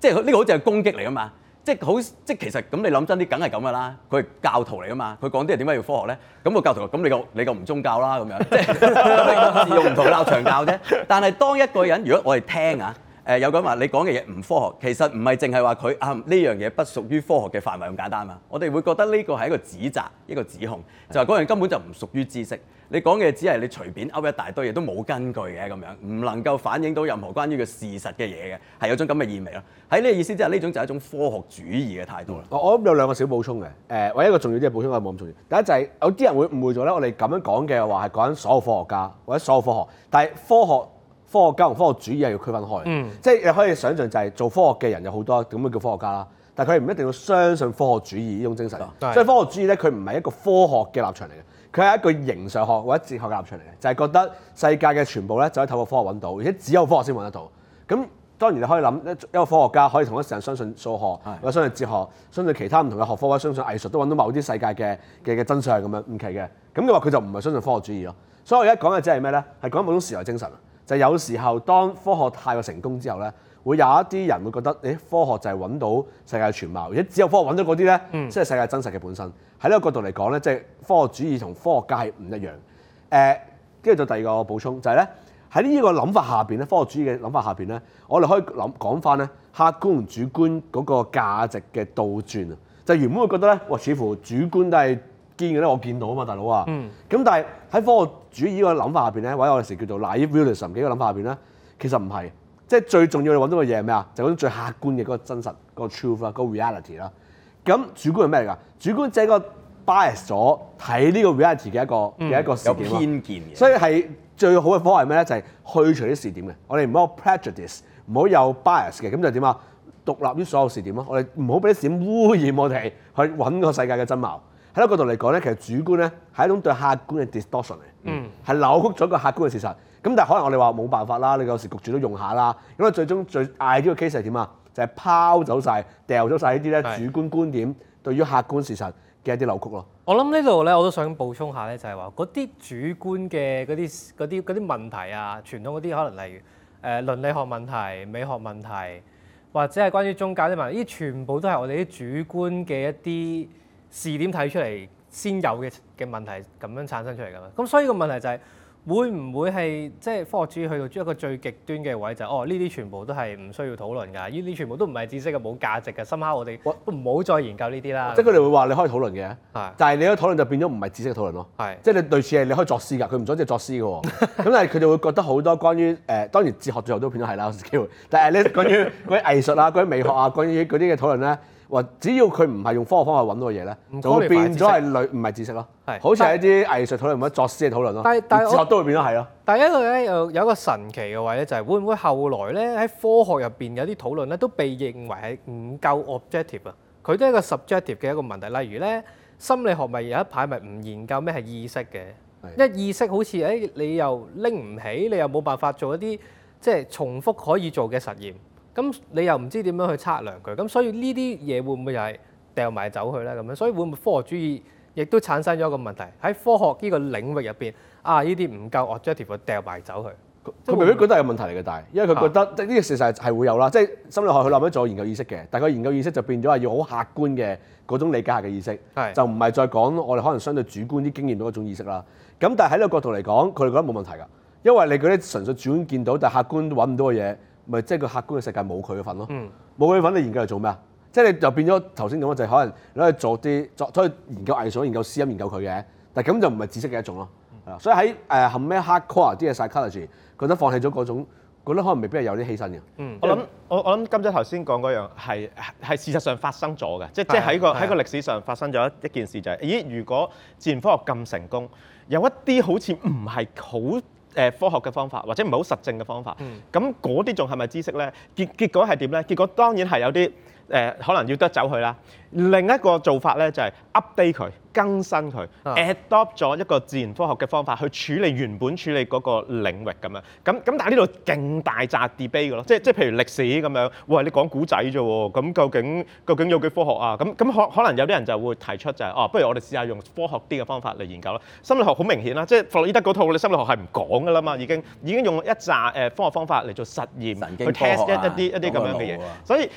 即係呢個好似係攻擊嚟啊嘛～即係好，即係其實咁你諗真啲，梗係咁嘅啦。佢係教徒嚟啊嘛，佢講啲嘢點解要科學咧？咁、個教徒咁你就你又唔宗教啦咁樣，即係 用唔同鬧場教啫。但係當一個人如果我哋聽啊，誒有個人話，你講嘅嘢唔科學，其實唔係淨係話佢啊呢樣嘢不屬於科學嘅範圍咁簡單嘛。我哋會覺得呢個係一個指責，一個指控，就係嗰樣根本就唔屬於知識。你講嘅只係你隨便噏一大堆嘢都冇根據嘅，咁樣，唔能夠反映到任何關於個事實嘅嘢嘅，係有種咁嘅意味咯。喺呢個意思之下，呢種就係一種科學主義嘅態度啦、嗯。我我有兩個小補充嘅，誒、呃，唯一一個重要啲嘅補充我冇咁重要。第一就係、是、有啲人會誤會咗咧，我哋咁樣講嘅話係講緊所有科學家或者所有科學，但係科學科學家同科學主義係要區分開嘅、嗯、即係你可以想象就係、是、做科學嘅人有好多點樣叫科學家啦，但係佢唔一定要相信科學主義呢種精神。即係對科學主義咧，佢唔係一個科學嘅立場嚟嘅。佢係一個形上學或者哲學嘅立場嚟嘅，就係、是、覺得世界嘅全部咧，就係透過科學搵到，而且只有科學先搵得到。咁當然你可以諗，一個科學家可以同一時間相信數學，或者相信哲學，相信其他唔同嘅學科，或者相信藝術，都搵到某啲世界嘅嘅嘅真相係咁樣唔奇嘅。咁嘅話佢就唔係相信科學主義咯。所以我而家講嘅即係咩咧？係講某種時代精神，就係、是、有時候當科學太過成功之後咧。會有一啲人會覺得，誒科學就係揾到世界全貌，而且只有科學揾到嗰啲咧，即係、嗯、世界真實嘅本身。喺呢個角度嚟講咧，即、就、係、是、科學主義同科學界唔一樣。誒、呃，跟住就第二個補充就係咧，喺呢個諗法下邊咧，科學主義嘅諗法下邊咧，我哋可以諗講翻咧客觀主觀嗰個價值嘅倒轉啊！就是、原本會覺得咧，哇，似乎主觀都係堅嘅咧，我見到啊嘛，大佬啊，咁、嗯、但係喺科學主義嘅個諗法下邊咧，或者我哋有時叫做 naive realism 呢個諗法下邊咧，其實唔係。即係最重要揾到嘅嘢係咩啊？就嗰、是、種最客觀嘅、嗰個真實、嗰個 truth，個 truth 啦，個 reality 啦。咁主觀係咩嚟㗎？主觀就係個 bias 咗睇呢個 reality 嘅一個嘅一個視點咯。有偏見嘅。所以係最好嘅方法係咩咧？就係、是、去除啲視點嘅。我哋唔好 prejudice，唔好有，有 bias 嘅。咁就點啊？獨立於所有視點咯。我哋唔好俾啲視點污染我哋去揾個世界嘅真貌。喺呢角度嚟講咧，其實主觀咧係一種對客觀嘅 distortion 嚟，係、嗯嗯、扭曲咗個客觀嘅事實。咁但係可能我哋話冇辦法啦，你有時局住都用一下啦。咁啊，最終最嗌呢個 case 係點啊？就係、是、拋走晒、掉咗晒呢啲咧主觀觀點對於客觀事實嘅一啲扭曲咯。我諗呢度咧，我都想補充一下咧，就係話嗰啲主觀嘅嗰啲啲啲問題啊，傳統嗰啲可能例如誒倫理學問題、美學問題，或者係關於宗教啲問呢啲全部都係我哋啲主觀嘅一啲。視點睇出嚟先有嘅嘅問題咁樣產生出嚟㗎嘛，咁所以個問題就係、是、會唔會係即係科學主義去到一個最極端嘅位就係、是、哦呢啲全部都係唔需要討論㗎，呢啲全部都唔係知識嘅，冇價值嘅，深刻我哋唔好再研究呢啲啦。即係佢哋會話你可以討論嘅，係是，但係你嗰討論就變咗唔係知識討論咯，係是，即係你類似係你可以作詩㗎，佢唔想即係作詩嘅，咁是但係佢哋會覺得好多關於誒、呃、當然哲學最後都變咗係啦，機會，但係你關於嗰啲 藝術啊、嗰啲美學啊、關於嗰啲嘅討論咧。或只要佢唔係用科學方法揾到嘅嘢咧，就會變咗係類唔係知識咯，係，唔係知識，係好似一啲藝術討論或者但作詩嘅討論咯。但係，但係我都會變咗係咯。第一個咧，又有一個神奇嘅位咧，就係會唔會後來咧喺科學入邊有啲討論咧，都被認為係唔夠 objective 啊？佢都係一個 subjective 嘅一個問題。例如咧，心理學咪有一排咪唔研究咩係意識嘅，係。因為意識好似誒你又拎唔起，你又冇辦法做一啲即係重複可以做嘅實驗。咁你又唔知點樣去測量佢，咁所以呢啲嘢會唔會又係掉埋走去咧？咁樣，所以會唔會科學主義亦都產生咗一個問題喺科學呢個領域入邊啊？呢啲唔夠 objective 掉埋走去，佢未必覺得有問題嚟嘅，但係因為佢覺得呢個事實係會有啦。即係心理學佢諗咗做研究意識嘅，但係佢研究意識就變咗係要好客觀嘅嗰種理解下嘅意識，是的 就唔係再講我哋可能相對主觀啲經驗到嗰種意識啦。咁但係喺呢個角度嚟講，佢哋覺得冇問題㗎，因為你嗰啲純粹主觀見到但係客觀揾唔到嘅嘢。咪即係個客觀嘅世界冇佢嘅份咯，冇佢份你研究嚟做咩啊？即係你就變咗頭先講就係可能你去做啲做，所以研究藝術、研究詩音、研究佢嘅，但係咁就唔係知識嘅一種咯。所以喺誒冚孭 hard core 啲嘢 psychology 覺得放棄咗嗰種，覺得可能未必係有啲犧牲嘅、嗯就係。我諗我我諗今集頭先講嗰樣係事實上發生咗嘅，即即喺個喺個歷史上發生咗一件事就係：咦？如果自然科學咁成功，有一啲好似唔係好。誒科學嘅方法或者唔係好實證嘅方法，咁嗰啲仲係咪知識咧？結結果係點咧？結果當然係有啲。誒可能要得走佢啦。另一個做法咧，就係 update 佢，更新佢，adopt 咗一個自然科學嘅方法去處理原本處理嗰個領域咁樣。咁咁但係呢度勁大紮 debate 嘅咯。即係即係譬如歷史咁樣，喂你講古仔啫喎。咁究竟究竟有幾科學啊？咁咁可可能有啲人就會提出就係哦，不如我哋試下用科學啲嘅方法嚟研究咯。心理學好明顯啦，即係弗洛伊德嗰套，你心理學係唔講噶啦嘛，已經已經用一紮誒科學方法嚟做實驗去 test 一啲一啲咁樣嘅嘢，所以。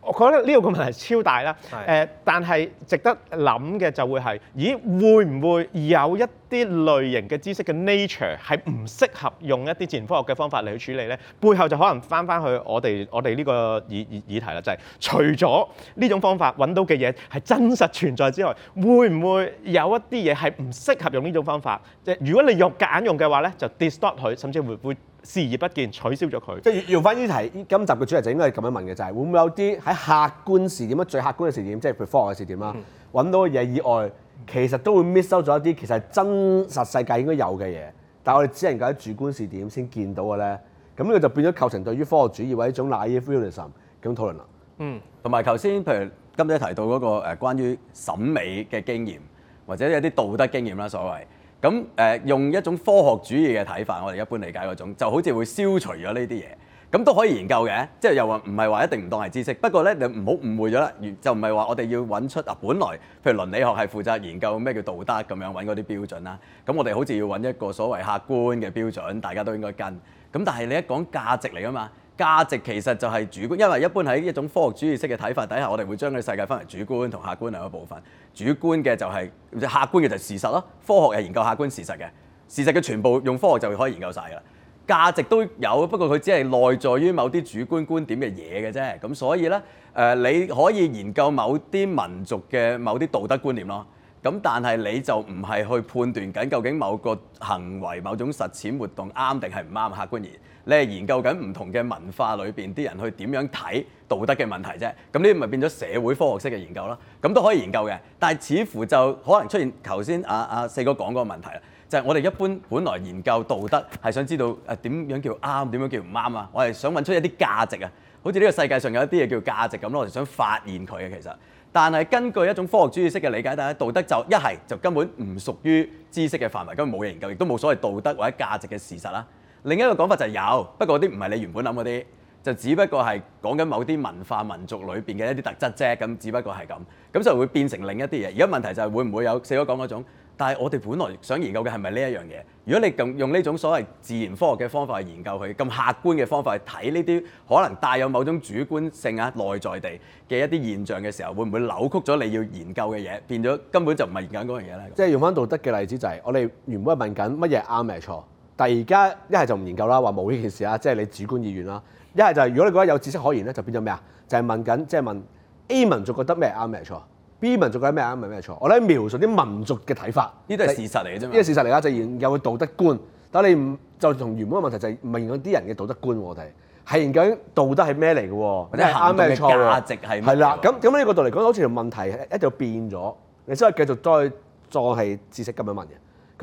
我覺得呢個個問題超大啦。誒，但係值得諗嘅就會係：咦，會唔會有一啲類型嘅知識嘅 nature 係唔適合用一啲自然科學嘅方法嚟去處理咧？背後就可能返返去我哋我哋呢個議議議題啦，就係除咗呢種方法揾到嘅嘢係真實存在之外，會唔會有一啲嘢係唔適合用呢種方法？即係如果你用夾硬用嘅話咧，就 distort 佢，甚至會會。視而不見，取消咗佢。即係要翻呢題，今集嘅主題就應該係咁樣問嘅，就係、是、會唔會有啲喺客觀視點，乜最客觀嘅視點，即係佢科學嘅視點啦，揾到嘅嘢以外，其實都會 miss 咗一啲其實真實世界應該有嘅嘢，但係我哋只能夠喺主觀視點先見到嘅咧。咁呢個就變咗構成對於科學主義或者一種 naive realism 咁樣討論啦。嗯。同埋頭先，譬如今日提到嗰個誒，關於審美嘅經驗或者有啲道德經驗啦，所謂。咁誒用一種科學主義嘅睇法，我哋一般理解嗰種，就好似會消除咗呢啲嘢，咁都可以研究嘅，即係又話唔係話一定唔當係知識。不過咧，你唔好誤會咗啦，就唔係話我哋要揾出啊，本來譬如倫理學係負責研究咩叫道德咁樣揾嗰啲標準啦。咁我哋好似要揾一個所謂客觀嘅標準，大家都應該跟。咁但係你一講價值嚟啊嘛～價值其實就係主觀，因為一般喺一種科學主義式嘅睇法底下，我哋會將佢世界分為主觀同客觀兩個部分。主觀嘅就係、是，唔知客觀嘅就係事實咯。科學係研究客觀事實嘅，事實嘅全部用科學就可以研究晒㗎喇。價值都有，不過佢只係內在於某啲主觀觀點嘅嘢嘅啫。咁所以呢，誒你可以研究某啲民族嘅某啲道德觀念咯。咁但係你就唔係去判斷緊究竟某個行為、某種實踐活動啱定係唔啱，客觀而你係研究緊唔同嘅文化裏邊啲人去點樣睇道德嘅問題啫，咁呢啲咪變咗社會科學式嘅研究啦，咁都可以研究嘅。但係似乎就可能出現頭先阿阿四哥講嗰個問題啦，就係、是、我哋一般本來研究道德係想知道誒點樣叫啱，點樣叫唔啱啊。我係想揾出一啲價值啊，好似呢個世界上有一啲嘢叫價值咁，我哋想發現佢嘅其實。但係根據一種科學主義式嘅理解，但係道德就一係就根本唔屬於知識嘅範圍，根本冇研究，亦都冇所謂道德或者價值嘅事實啦。另一個講法就係有，不過啲唔係你原本諗嗰啲，就只不過係講緊某啲文化民族裏邊嘅一啲特質啫。咁只不過係咁，咁就會變成另一啲嘢。而家問題就係會唔會有四哥講嗰種？但係我哋本來想研究嘅係咪呢一樣嘢？如果你咁用呢種所謂自然科學嘅方法去研究佢，咁客觀嘅方法去睇呢啲可能帶有某種主觀性啊、內在地嘅一啲現象嘅時候，會唔會扭曲咗你要研究嘅嘢，變咗根本就唔係研究嗰樣嘢咧？即係用翻道德嘅例子就係，係，我哋原本係問緊乜嘢啱，咩嘢錯。但而家一係就唔研究啦，話冇呢件事啦，即係你主觀意願啦。一係就係如果你覺得有知識可言咧，就變咗咩啊？就係、是、問緊，即、就、係、是、問 A 民族覺得咩啱咩錯，B 民族覺得咩啱咩錯。我哋描述啲民族嘅睇法，呢啲係事實嚟嘅啫。呢個事實嚟啊，就研、是、究道德觀。嗯、但你唔就同原本嘅問題就問緊啲人嘅道德觀我哋係研究道德係咩嚟嘅喎，或者啱咩錯喎？價值係咩的？係啦，咁咁呢個度嚟講，好似條問題一喺度變咗。你先係繼續再再係知識咁樣問嘅，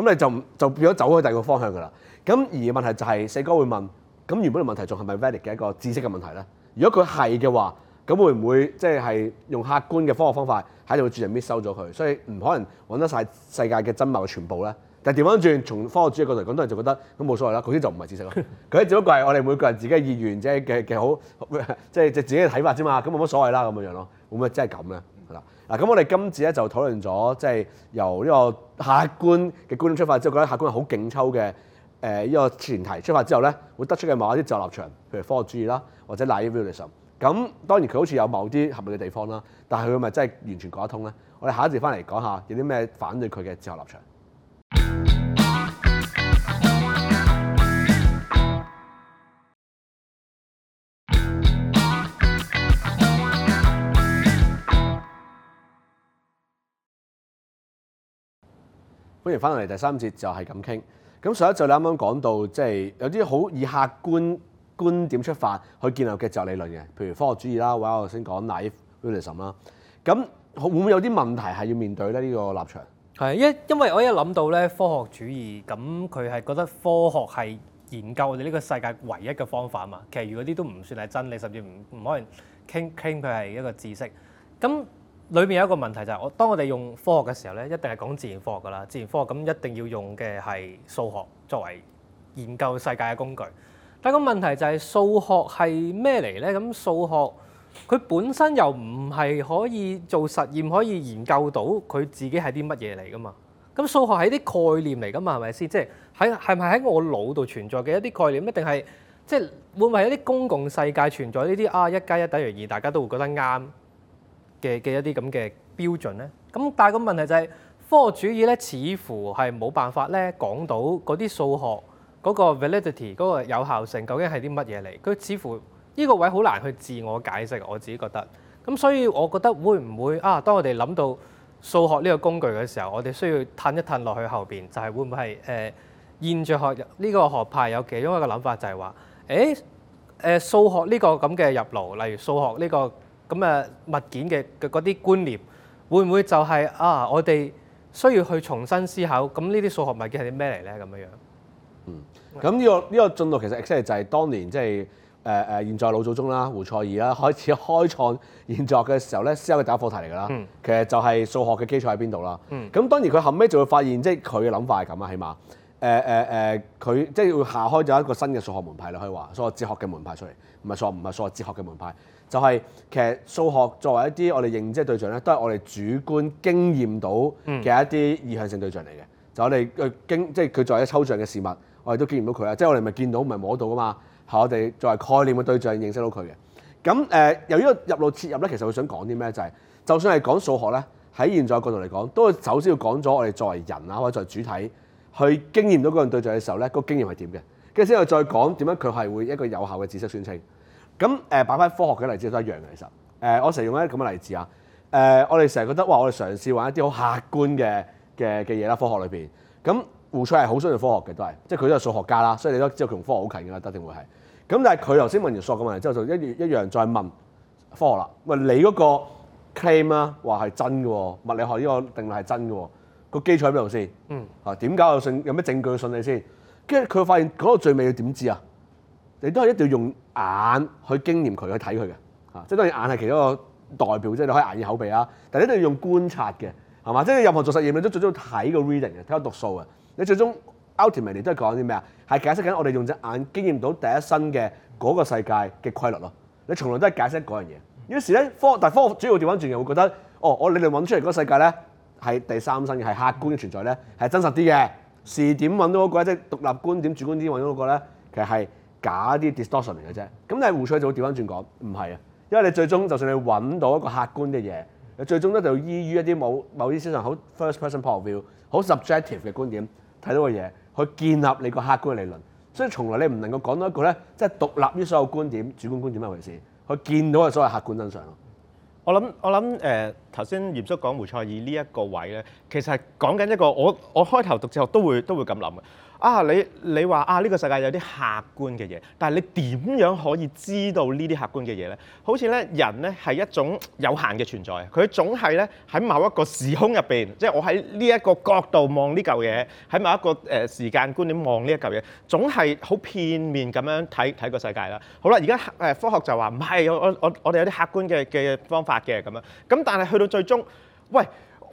咁你就就變咗走開第二個方向嘅啦。咁而問題就係、是、細哥會問，咁原本嘅問題仲係咪 valid 嘅一個知識嘅問題咧？如果佢係嘅話，咁會唔會即係、就是、用客觀嘅科學方法喺度住人啲收咗佢，所以唔可能揾得晒世界嘅真貌嘅全部咧？但係調翻轉，從科學主義角度嚟講，多人就覺得咁冇所謂啦。嗰啲就唔係知識咯，嗰啲只不過係我哋每個人自己嘅意願，即係嘅嘅好即係即係自己嘅睇法啫嘛。咁冇乜所謂啦，咁樣樣咯。會唔會真係咁咧？係啦，嗱，咁我哋今次咧就討論咗，即、就、係、是、由呢個客觀嘅觀點出發之後，就是、覺得客觀係好勁抽嘅。誒依個前提出發之後咧，會得出嘅某一啲自由立場，譬如科學主義啦，或者賴伊維爾森。咁當然佢好似有某啲合理嘅地方啦，但係佢咪真係完全講得通咧？我哋下一節翻嚟講下有啲咩反對佢嘅自由立場。歡迎翻嚟第三節，就係咁傾。咁上一集你啱啱講到，即係有啲好以客觀觀點出發去建立嘅就理論嘅，譬如科學主義啦，或者我先講賴威廉什啦。咁會唔會有啲問題係要面對咧？呢個立場係，因因為我一諗到咧，科學主義，咁佢係覺得科學係研究我哋呢個世界唯一嘅方法啊嘛。其實如果啲都唔算係真理，甚至唔唔可能傾傾佢係一個知識。咁裏面有一個問題就係、是、我當我哋用科學嘅時候咧，一定係講自然科學㗎啦，自然科學咁一定要用嘅係數學作為研究世界嘅工具。但個問題就係、是、數學係咩嚟呢？咁數學佢本身又唔係可以做實驗可以研究到佢自己係啲乜嘢嚟㗎嘛？咁數學係啲概念嚟㗎嘛？係咪先？即係喺係咪喺我腦度存在嘅一啲概念是是會會是一定係即係會唔會係一啲公共世界存在呢啲啊？一加一等於二，2, 大家都會覺得啱。嘅嘅一啲咁嘅標準咧，咁但係個問題就係科學主義咧，似乎係冇辦法咧講到嗰啲數學嗰個 validity 嗰個有效性究竟係啲乜嘢嚟？佢似乎呢個位好難去自我解釋，我自己覺得。咁所以我覺得會唔會啊？當我哋諗到數學呢個工具嘅時候，我哋需要褪一褪落去後邊，就係、是、會唔會係誒、呃、現象學呢個學派有其中一個諗法，就係話誒誒數學呢個咁嘅入路，例如數學呢個。咁誒物件嘅嘅嗰啲觀念，會唔會就係啊？我哋需要去重新思考，咁呢啲數學物件係啲咩嚟咧？咁樣樣。嗯。咁呢個呢個進路其實 exactly 就係當年即係誒誒現在老祖宗啦胡塞爾啦開始開創現象學嘅時候咧，思考嘅第一課題嚟㗎啦。嗯、其實就係數學嘅基礎喺邊度啦。咁、嗯、當然佢後尾就會發現，即係佢嘅諗法係咁啊，起碼誒誒誒，佢即係要下開咗一個新嘅數學門派啦，可以話，數學哲學嘅門派出嚟，唔係數學，唔係數學哲學嘅門派。就係其實數學作為一啲我哋認知嘅對象咧，都係我哋主觀經驗到嘅一啲意向性對象嚟嘅。就我哋去經即係佢作為抽象嘅事物，我哋都經驗到佢啊。即係我哋咪見到，唔係摸到㗎嘛。係我哋作為概念嘅對象認識到佢嘅。咁誒、呃，由於入路切入咧，其實佢想講啲咩就係，就，是，就算係講數學咧，喺現在的角度嚟講，都首先要講咗我哋作為人啊或者作為主體去經驗到嗰樣對象嘅時候咧，個經驗係點嘅，跟住之後再講點樣佢係會一個有效嘅知識宣稱。咁誒擺翻科學嘅例子都一樣嘅，其實我成日用一啲咁嘅例子啊，我哋成日覺得哇，我哋嘗試玩一啲好客觀嘅嘅嘅嘢啦，科學裏面，咁胡塞係好相信科學嘅，都係即係佢都係數學家啦，所以你都知佢同科學好近㗎啦，一定會係。咁但係佢頭先問完數學嘅問題之後，就一一樣再問科學啦。喂，你嗰個 claim 啦，話係真嘅喎，物理學呢個定律係真嘅喎，個基礎喺邊度先？嗯。嚇，點解有證有咩證據信你先？跟住佢發現嗰個最尾要點知啊？你都係一定要用眼去經驗佢，去睇佢嘅，啊，即係當然眼係其中一個代表，即係你可以眼耳口鼻啊，但係你都要用觀察嘅，係嘛？即係任何做實驗，你都最終睇個 reading 嘅，睇個讀數，你最終 ultimately 都係講啲咩啊？係解釋緊我哋用隻眼經驗到第一身嘅嗰個世界嘅規律咯。你從來都係解釋嗰樣嘢。有時咧科，但科學主要調翻轉又會覺得，哦，我你哋搵出嚟嗰個世界咧係第三身嘅，係客觀嘅存在咧，係真實啲嘅。視點搵到嗰個即係獨立觀點、主觀點揾到嗰、那個咧，其實係。假啲 distortion 嚟嘅啫，咁但係胡塞就調翻轉講，唔係啊，因為你最終就算你揾到一個客觀嘅嘢，你最終咧就要依於一啲某某啲思想好 first person point of view，好 subjective 嘅觀點睇到嘅嘢，去建立你個客觀嘅理論，所以從來你唔能夠講到一個咧，即係獨立於所有觀點、主觀觀點一回事，去見到嘅所謂客觀真相咯。我諗我諗誒，頭先鹽叔講胡塞爾呢一個位咧，其實係講緊一個我我開頭讀哲學都會都會咁諗嘅。啊！你你話啊，呢個世界有啲客觀嘅嘢，但係你點樣可以知道呢啲客觀嘅嘢呢？好似咧，人呢係一種有限嘅存在，佢總係咧喺某一個時空入邊，即係我喺呢一個角度望呢嚿嘢，喺某一個誒時間觀點望呢一嚿嘢，總係好片面咁樣睇睇個世界啦。好啦，而家誒科學就話唔係，我我我哋有啲客觀嘅嘅方法嘅咁樣，咁但係去到最終，喂。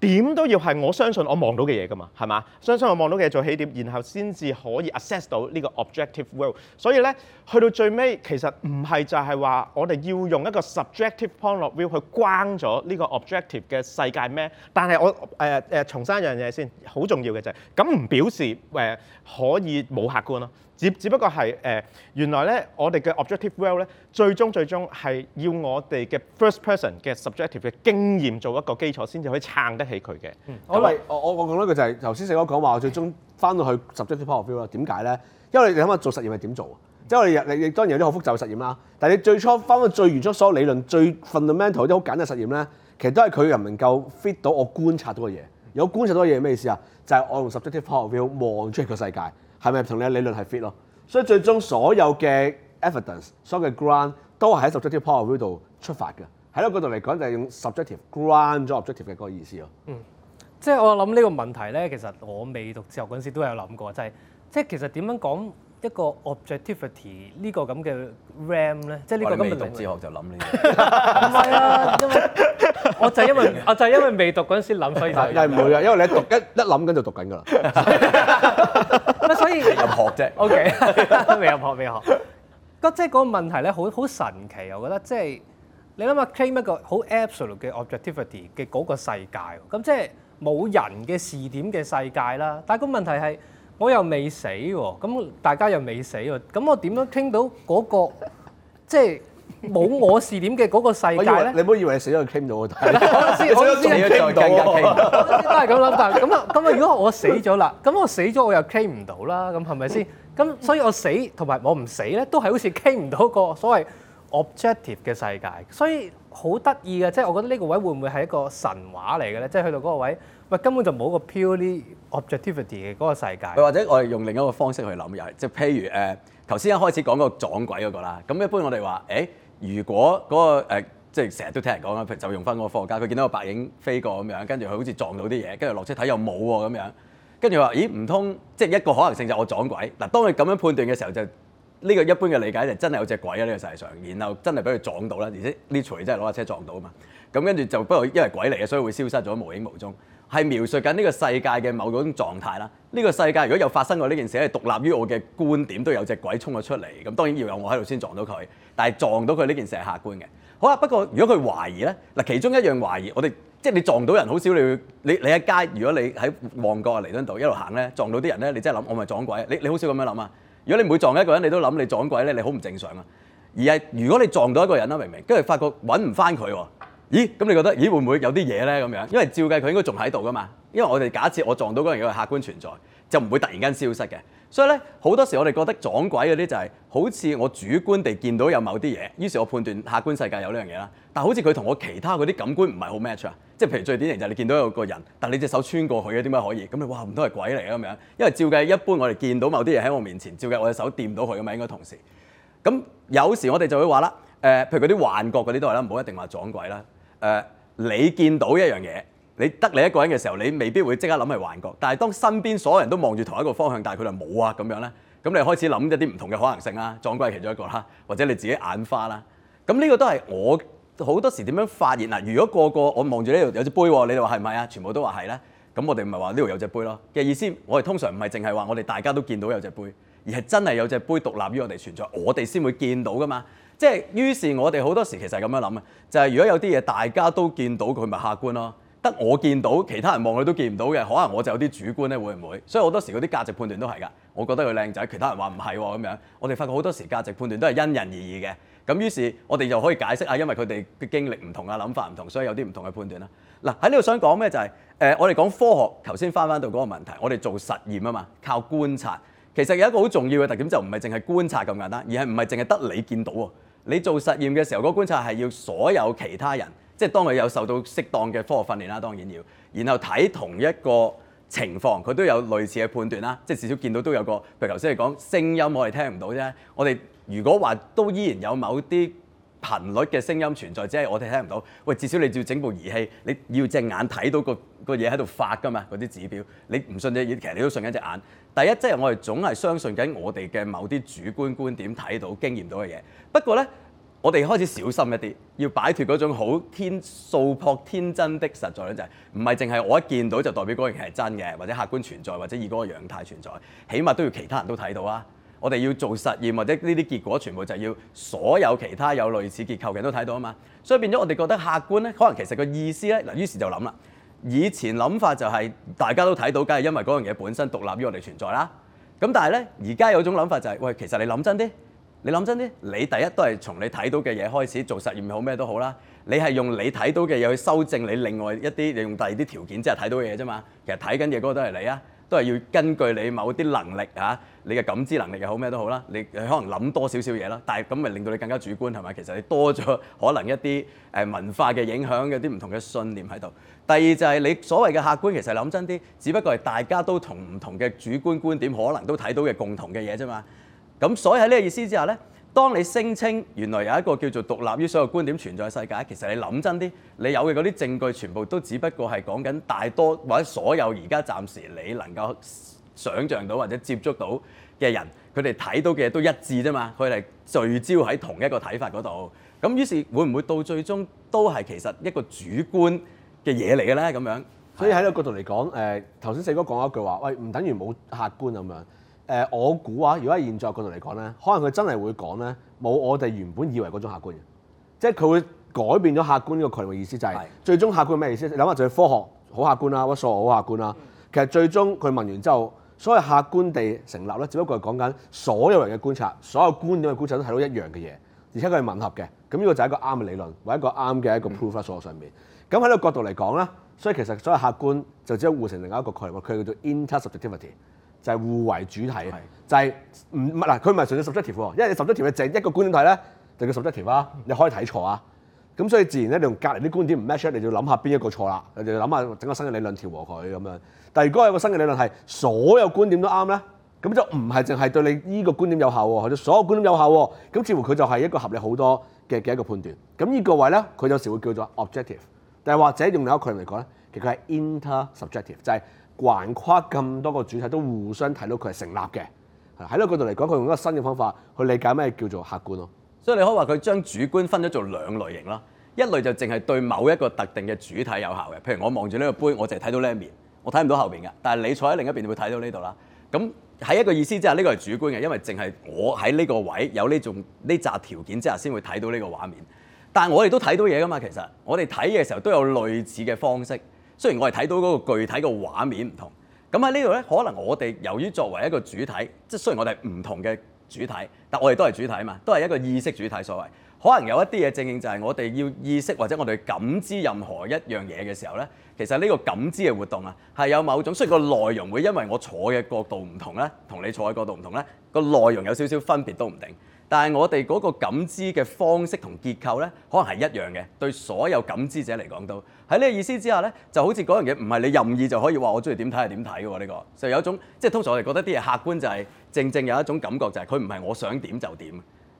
點都要係我相信我望到嘅嘢㗎嘛，係嘛？相信我望到嘅嘢做起點，然後先至可以 assess 到呢個 objective world。所以咧，去到最尾其實唔係就係話我哋要用一個 subjective point of view 去關咗呢個 objective 嘅世界咩？但係我誒誒重申一樣嘢先，好重要嘅就係咁唔表示誒可以冇客觀咯。只只不過係、呃、原來咧，我哋嘅 objective view 咧，最終最終係要我哋嘅 first person 嘅 subjective 嘅經驗做一個基礎，先至可以撐得起佢嘅。因為、嗯、這樣 我我、就是、我講到佢就係頭先成哥講話，最終翻到去 subjective point of view 啦。點解咧？因為你諗下做實驗係點做？即係我哋亦亦當然有啲好複雜嘅實驗啦。但係你最初翻到最原初所有理論、最 fundamental 啲好簡單嘅實驗咧，其實都係佢又能夠 fit 到我觀察到嘅嘢。有觀察到嘅嘢係咩意思啊？就係、是、我用 subjective point of view 望出去個世界。係咪同你嘅理論係 fit 咯？所以最終所有嘅 evidence，所有嘅 ground 都係喺 subjective power view 度出發嘅。喺嗰個角度嚟講，就係用 subjective ground 咗 objective 嘅嗰個意思咯。嗯，即係我諗呢個問題咧，其實我未讀之後嗰陣都有諗過，就係、是、即係其實點樣講？一個 objectivity 呢、哦、呢個咁嘅 realm 咧，即係呢個咁嘅。我未讀哲學就諗呢啲。唔係啊，因為我就因為 我就因為未讀嗰陣時諗，所以就係唔會啊，因為你係讀 一一諗緊就讀緊㗎啦。乜 所以冇入學啫？OK，未入學未入學。學 即係嗰個問題咧，好好神奇。我覺得即係你諗下 claim 一個好 absolute 嘅 objectivity 嘅嗰個世界，咁即係冇人嘅視點嘅世界啦。但係個問題係。我又未死喎，咁大家又未死喎，咁我點樣傾到嗰個即係冇我視點嘅嗰個世界咧？你唔好以為你死咗就傾唔到喎！先 我有先傾到喎。都係咁諗，但係咁啊咁啊！如果我死咗啦，咁我死咗我又傾唔到啦，咁係咪先？咁所以我死同埋我唔死咧，都係好似傾唔到個所謂 objective 嘅世界。所以好得意嘅，即係我覺得呢個位會唔會係一個神話嚟嘅咧？即係去到嗰個位，喂根本就冇個 purely。Objectivity 嘅嗰個世界，或者我哋用另一個方式去諗又係，即係譬如誒，頭、呃、先一開始講個撞鬼嗰、那個啦。咁一般我哋話，誒、欸，如果嗰、那個、呃、即係成日都聽人講啦，譬如就用翻嗰個科學家，佢見到個白影飛過咁樣，跟住佢好似撞到啲嘢，跟住落車睇又冇喎咁樣，跟住話，咦，唔通即係一個可能性就我撞鬼。嗱，當佢咁樣判斷嘅時候，就呢、這個一般嘅理解就是真係有隻鬼喺呢、這個世上，然後真係俾佢撞到啦，而且呢次真係攞架車撞到啊嘛。咁跟住就不過因為鬼嚟嘅，所以會消失咗，無影無蹤。係描述緊呢個世界嘅某種狀態啦。呢個世界如果有發生過呢件事係，獨立於我嘅觀點都有隻鬼衝咗出嚟。咁當然要有我喺度先撞到佢。但係撞到佢呢件事係客觀嘅。好啦，不過如果佢懷疑呢，嗱，其中一樣懷疑，我哋即係你撞到人好少。你會你你，喺街，如果你喺旺角啊、彌敦道一路行呢，撞到啲人呢，你真係諗我咪撞鬼？你你好少咁樣諗啊？如果你每撞一個人你都諗你撞鬼呢，你好唔正常啊。而係如果你撞到一個人啦，明明跟住發覺揾唔翻佢喎。咦？咁你覺得咦會唔會有啲嘢呢？咁樣。因為照計佢應該仲喺度噶嘛。因為我哋假設我撞到嗰樣嘢係客觀存在，就唔會突然間消失嘅。所以呢，好多時我哋覺得撞鬼嗰啲就係、是、好似我主觀地見到有某啲嘢，於是我判斷客觀世界有呢樣嘢啦。但好似佢同我其他嗰啲感官唔係好 match 啊。即係譬如最典型就係你見到有個人，但你隻手穿過去嘅，點解可以？咁你哇唔通係鬼嚟嘅咁樣？因為照計一般我哋見到某啲嘢喺我面前，照計我隻手掂到佢噶嘛，應該同時。咁有時我哋就會話啦，誒、呃、譬如嗰啲幻覺嗰啲都係啦，唔好一定話撞鬼啦。誒、呃，你見到一樣嘢，你得你一個人嘅時候，你未必會即刻諗係幻覺。但係當身邊所有人都望住同一個方向，但係佢就冇啊咁樣咧，咁你開始諗一啲唔同嘅可能性啦。撞鬼係其中一個啦，或者你自己眼花啦。咁呢個都係我好多時點樣發現嗱，如果個個我望住呢度有隻杯，你哋話係唔係啊？全部都話係咧，咁我哋唔係話呢度有隻杯咯。嘅意思我哋通常唔係淨係話我哋大家都見到有隻杯，而係真係有隻杯獨立於我哋存在，我哋先會見到噶嘛。即係，於是，我哋好多時其實係咁樣諗嘅，就係如果有啲嘢大家都見到佢，咪客觀咯；得我見到，其他人望佢都見唔到嘅，可能我就有啲主觀咧，會唔會？所以好多時嗰啲價值判斷都係噶，我覺得佢靚仔，其他人話唔係喎，咁樣，我哋發覺好多時價值判斷都係因人而異嘅。咁於是，我哋就可以解釋啊，因為佢哋嘅經歷唔同啊，諗法唔同，所以有啲唔同嘅判斷啦。嗱，喺呢度想講咩就係，誒，我哋講科學，頭先返返到嗰個問題，我哋做實驗啊嘛，靠觀察。其實有一個好重要嘅特點，就唔係淨係觀察咁簡單，而係唔係淨係得你見到你做實驗嘅時候，嗰、那個、觀察，係要所有其他人，即係當佢有受到適當嘅科學訓練啦，當然要，然後睇同一個情況，佢都有類似嘅判斷啦，即至少見到都有個，譬如頭先你講聲音，我們聽不到，我哋聽唔到啫，我哋如果話都依然有某啲。頻率嘅聲音存在，只係我哋聽唔到。喂，至少你要整部儀器，你要隻眼睇到個個嘢喺度發㗎嘛？嗰啲指標，你唔信隻耳，其實你都信緊隻眼。第一，即係我哋總係相信緊我哋嘅某啲主觀觀點睇到、經驗到嘅嘢。不過呢，我哋開始小心一啲，要擺脫嗰種好天素樸天真的實在咧，就係唔係淨係我一見到就代表嗰樣嘢係真嘅，或者客觀存在，或者以嗰個樣態存在，起碼都要其他人都睇到啊。我哋要做實驗或者呢啲結果，全部就要所有其他有類似結構嘅人都睇到啊嘛，所以變咗我哋覺得客觀咧，可能其實個意思咧，嗱於是就諗啦，以前諗法就係大家都睇到，梗係因為嗰樣嘢本身獨立於我哋存在啦是。咁但係咧，而家有一種諗法就係、是，喂，其實你諗真啲，你諗真啲，你第一都係從你睇到嘅嘢開始做實驗好咩都好啦，你係用你睇到嘅嘢去修正你另外一啲你用第二啲條件之後睇到嘅嘢啫嘛。其實睇緊嘅嗰個都係你啊，都係要根據你某啲能力嚇。你嘅感知能力又好咩都好啦，你可能諗多少少嘢啦，但係咁咪令到你更加主觀，係咪其實你多咗可能一啲誒文化嘅影響有啲唔同嘅信念喺度。第二就係你所謂嘅客觀，其實諗真啲，只不過係大家都同唔同嘅主觀觀點可能都睇到嘅共同嘅嘢啫嘛。咁所以喺呢個意思之下咧，當你聲稱原來有一個叫做獨立於所有觀點存在嘅世界，其實你諗真啲，你有嘅嗰啲證據全部都只不過係講緊大多或者所有而家暫時你能夠。想象到或者接觸到嘅人，佢哋睇到嘅嘢都一致啫嘛，佢哋聚焦喺同一個睇法嗰度。咁於是會唔會到最終都係其實一個主觀嘅嘢嚟嘅咧？咁樣，所以喺呢個角度嚟講，誒頭先四哥講咗一句話，喂唔等於冇客觀咁樣。誒、呃、我估啊，如果喺現在的角度嚟講咧，可能佢真係會講咧冇我哋原本以為嗰種客觀嘅，即係佢會改變咗客觀呢個概念嘅意思，就係是的 最終客觀咩意思？諗下就係科學好客觀啦，數學好客觀啦。其實最終佢問完之後。所謂客觀地成立咧，只不過係講緊所有人嘅觀察，所有觀點嘅觀察都睇到一樣嘅嘢，而且佢係吻合嘅。咁呢個就係一個啱嘅理論，或者一個啱嘅一個 proof 啊。所有上面，咁喺呢個角度嚟講啦，所以其實所謂客觀就只係互成另一個概念，佢叫做 intersubjectivity，就係互為主體，就係唔唔嗱，佢唔係純粹 subjective 喎，因為 subjective 淨一個觀點睇咧，就叫 subjective 啦，你可以睇錯啊。咁所以自然咧，你同隔離啲觀點唔 match 你就要諗下邊一個錯啦，你就諗下整個新嘅理論調和佢咁樣。但係如果係個新嘅理論係所有觀點都啱咧，咁就唔係淨係對你呢個觀點有效喎，或者所有觀點有效喎，咁似乎佢就係一個合理好多嘅嘅一個判斷。咁呢個位咧，佢有時會叫做 objective，但係或者用另一個概念嚟講咧，其實佢係 intersubjective，就係橫跨咁多個主體都互相睇到佢係成立嘅。喺呢個角度嚟講，佢用一個新嘅方法去理解咩叫做客觀咯。所以你可以話佢將主觀分咗做兩類型啦，一類就淨係對某一個特定嘅主體有效嘅，譬如我望住呢個杯，我淨係睇到呢一面，我睇唔到後邊嘅。但係你坐喺另一邊，就會睇到呢度啦。咁係一個意思之下，即係呢個係主觀嘅，因為淨係我喺呢個位有呢種呢扎條件之下，先會睇到呢個畫面。但係我哋都睇到嘢噶嘛，其實我哋睇嘅時候都有類似嘅方式。雖然我哋睇到嗰個具體嘅畫面唔同，咁喺呢度呢，可能我哋由於作為一個主體，即係雖然我哋唔同嘅。主體，但我哋都係主體啊嘛，都係一個意識主體。所謂可能有一啲嘢正正就係我哋要意識或者我哋感知任何一樣嘢嘅時候咧，其實呢個感知嘅活動啊，係有某種，所以個內容會，因為我坐嘅角度唔同咧，同你坐嘅角度唔同咧，個內容有少少分別都唔定。但係我哋嗰個感知嘅方式同結構呢，可能係一樣嘅，對所有感知者嚟講都喺呢個意思之下呢，就好似嗰樣嘢唔係你任意就可以話我中意點睇係點睇嘅喎。呢個就有一種即係通常我哋覺得啲嘢客觀就係正正有一種感覺就係佢唔係我想點就點，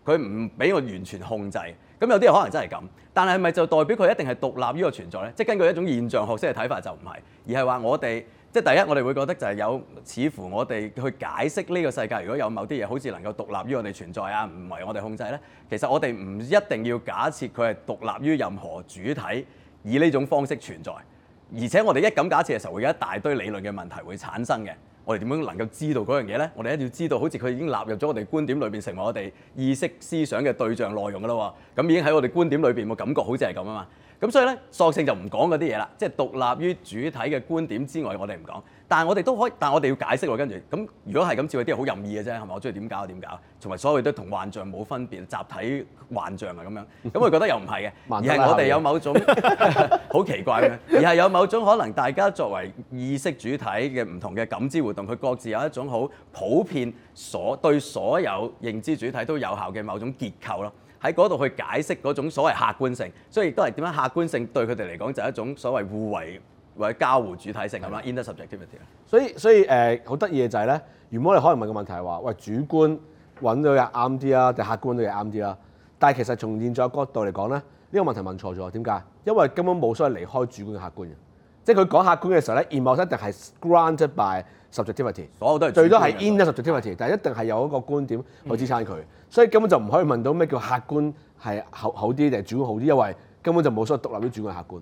佢唔俾我完全控制。咁有啲人可能真係咁，但係咪就代表佢一定係獨立於個存在呢？即係根據一種現象學式嘅睇法就唔係，而係話我哋。即係第一，我哋會覺得就係有似乎我哋去解釋呢個世界，如果有某啲嘢好似能夠獨立於我哋存在啊，唔係我哋控制呢。其實我哋唔一定要假設佢係獨立於任何主體，以呢種方式存在。而且我哋一咁假設嘅時候，會有一大堆理論嘅問題會產生嘅。我哋點樣能夠知道嗰樣嘢呢？我哋一定要知道，好似佢已經納入咗我哋觀點裏面，成為我哋意識思想嘅對象內容噶啦喎。咁已經喺我哋觀點裏面，我感覺好似係咁啊嘛。咁所以咧，索性就唔講嗰啲嘢啦，即係獨立於主體嘅觀點之外，我哋唔講，但係我哋都可以，但係我哋要解釋喎。跟住咁，如果係咁，照係啲好任意嘅啫，係咪？我中意點搞就點搞，同埋所有嘢都同幻象冇分別，集體幻象啊咁樣，咁我覺得又唔係嘅，而係我哋有某種好 奇怪嘅，而係有某種可能，大家作為意識主體嘅唔同嘅感知活動，佢各自有一種好普遍所對所有認知主體都有效嘅某種結構咯。喺嗰度去解釋嗰種所謂客觀性，所以都係點樣客觀性對佢哋嚟講就係一種所謂互為或者交互主體性 intersubjectivity 所以所以誒，好得意嘅就係咧，如果我哋可能問個問題係話，喂，主觀揾到嘢啱啲啊，定客觀揾到嘢啱啲啊？但係其實從現在角度嚟講咧，呢個問題問錯咗，點解？因為根本冇所謂離開主觀嘅客觀嘅。即係佢講客觀嘅時候咧，現象一定係 grounded by subjectivity，所有都係最多係 in the subjectivity，但係一定係有一個觀點去支撐佢，嗯、所以根本就唔可以問到咩叫客觀係好好啲定係主觀好啲，因為根本就冇所謂獨立於主觀的客觀。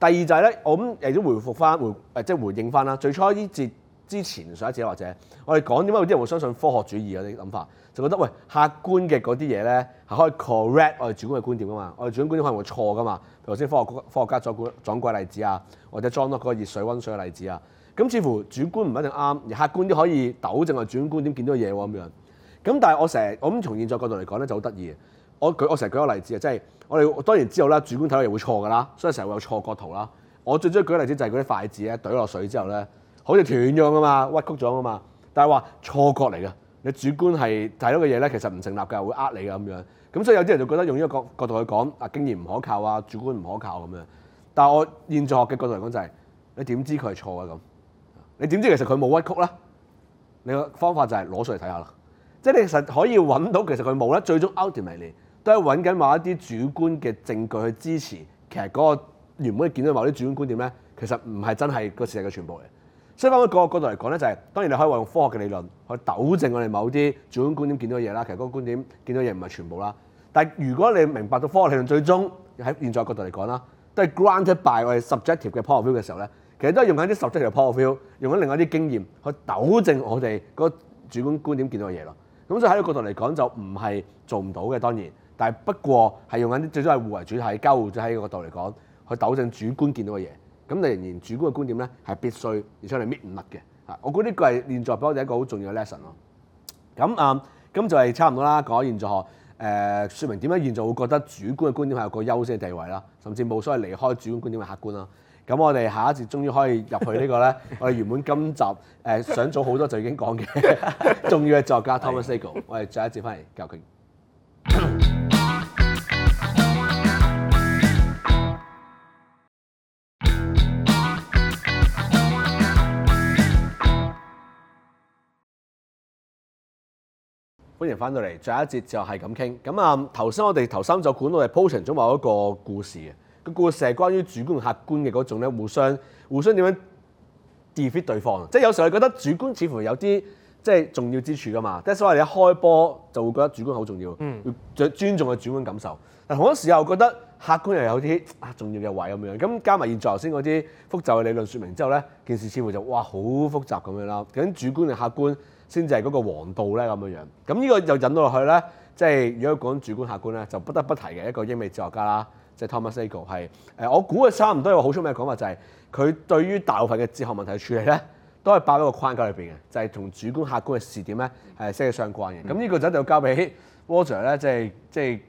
第二就係、是、咧，我諗誒都回覆翻回誒，即係回應翻啦。最初呢節之前上一節或者我哋講點解有啲人會相信科學主義嗰啲諗法。就覺得喂，客觀嘅嗰啲嘢咧，係可以 correct 我哋主觀嘅觀點噶嘛，我哋主觀觀點可能會錯噶嘛。譬如先科學科學家撞撞鬼例子啊，或者裝多嗰個熱水温水嘅例子啊，咁似乎主觀唔一定啱，而客觀啲可以糾正我主觀觀點見到嘢咁樣。咁但係我成日我咁從現象角度嚟講咧就好得意。我舉我成日舉個例子啊，即係我哋當然知道啦，主觀睇又會錯噶啦，所以成日會有錯覺圖啦。我最中意舉個例子就係嗰啲筷子咧，懟落水之後咧，好似斷咗噶嘛，屈曲咗噶嘛，但係話錯覺嚟噶。你主觀係睇到嘅嘢咧，其實唔成立㗎，會呃你㗎咁樣。咁所以有啲人就覺得用呢個角角度去講啊，經驗唔可靠啊，主觀唔可靠咁樣。但係我現在學嘅角度嚟講就係、是，你點知佢係錯嘅咁？你點知其實佢冇屈曲啦？你個方法就係攞出嚟睇下啦。即係你其實可以揾到其實佢冇啦。最終 ultimately 都係揾緊某一啲主觀嘅證據去支持，其實嗰、那個原本你見到某啲主觀觀點咧，其實唔係真係個事實嘅全部嚟。即係翻到個角度嚟講咧，就係當然你可以運用科學嘅理論去糾正我哋某啲主觀觀點見到嘅嘢啦。其實嗰個觀點見到嘢唔係全部啦。但係如果你明白到科學理論最終喺現在角度嚟講啦，都係 granted by 我哋 subjective 嘅 point of view 嘅時候咧，其實都係用緊啲 subjective point of view，用緊另外啲經驗去糾正我哋個主觀觀點見到嘅嘢咯。咁所以喺個角度嚟講就唔係做唔到嘅，當然。但係不過係用緊啲最終係互為主體、交互者喺個角度嚟講，去糾正主觀見到嘅嘢。咁你仍然主觀嘅觀點咧，係必須而且嚟搣唔甩嘅。嚇，我估呢個係現在俾我哋一個好重要嘅 lesson 咯。咁啊，咁就係差唔多啦。講咗現在誒，説、呃、明點解現在會覺得主觀嘅觀點係有個優先地位啦，甚至冇所謂離開主觀觀點嘅客觀啦。咁我哋下一節終於可以入去呢、這個咧，我哋原本今集、呃、想做好多就已經講嘅 重要嘅作家 Thomas Nagel 我哋再一節翻嚟教佢。歡迎翻到嚟，最後一節就係咁傾。咁啊，頭先我哋頭三集講到我哋鋪陳咗某一個故事嘅，個故事係關於主觀客觀嘅嗰種咧，互相互相點樣 defeat 對方。即係有時候你覺得主觀似乎有啲即係重要之處㗎嘛。即係所謂你一開波就會覺得主觀好重要，要、嗯、尊重嘅主觀感受。但好多時候覺得客觀又有啲啊重要嘅位咁樣。咁加埋現在頭先嗰啲複雜嘅理論説明之後咧，件事似乎就哇好複雜咁樣啦。究竟主觀定客觀？先至係嗰個王道咧咁樣樣，咁呢個就引到落去咧，即係如果講主觀客觀咧，就不得不提嘅一個英美哲學家啦，即係 Thomas Nagel 係我估嘅差唔多有個好出名嘅講法就係，佢對於大部分嘅哲學問題嘅處理咧，都係包喺個框架裏邊嘅，就係同主觀客觀嘅視點咧係息息相關嘅。咁呢個就交給就交俾 Roger 咧，即係即係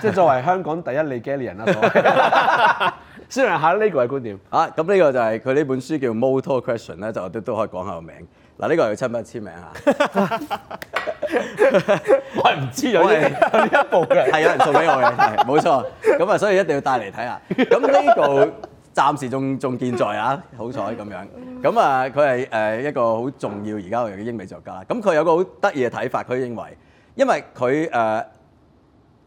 即係作為香港第一 Nagelian 啦，宣揚下呢個嘅觀點。啊，咁呢個就係佢呢本書叫 Mortal Questions 咧，就都都可以講下個名。嗱，呢個係佢親筆簽名嚇， 我係唔知咗有呢一部嘅，係有人送俾我嘅，係冇錯。咁啊，所以一定要帶嚟睇下。咁呢度暫時仲仲健在啊，好彩咁樣。咁啊，佢係誒一個好重要而家我哋嘅英美作家。咁佢有個好得意嘅睇法，佢認為，因為佢誒、呃、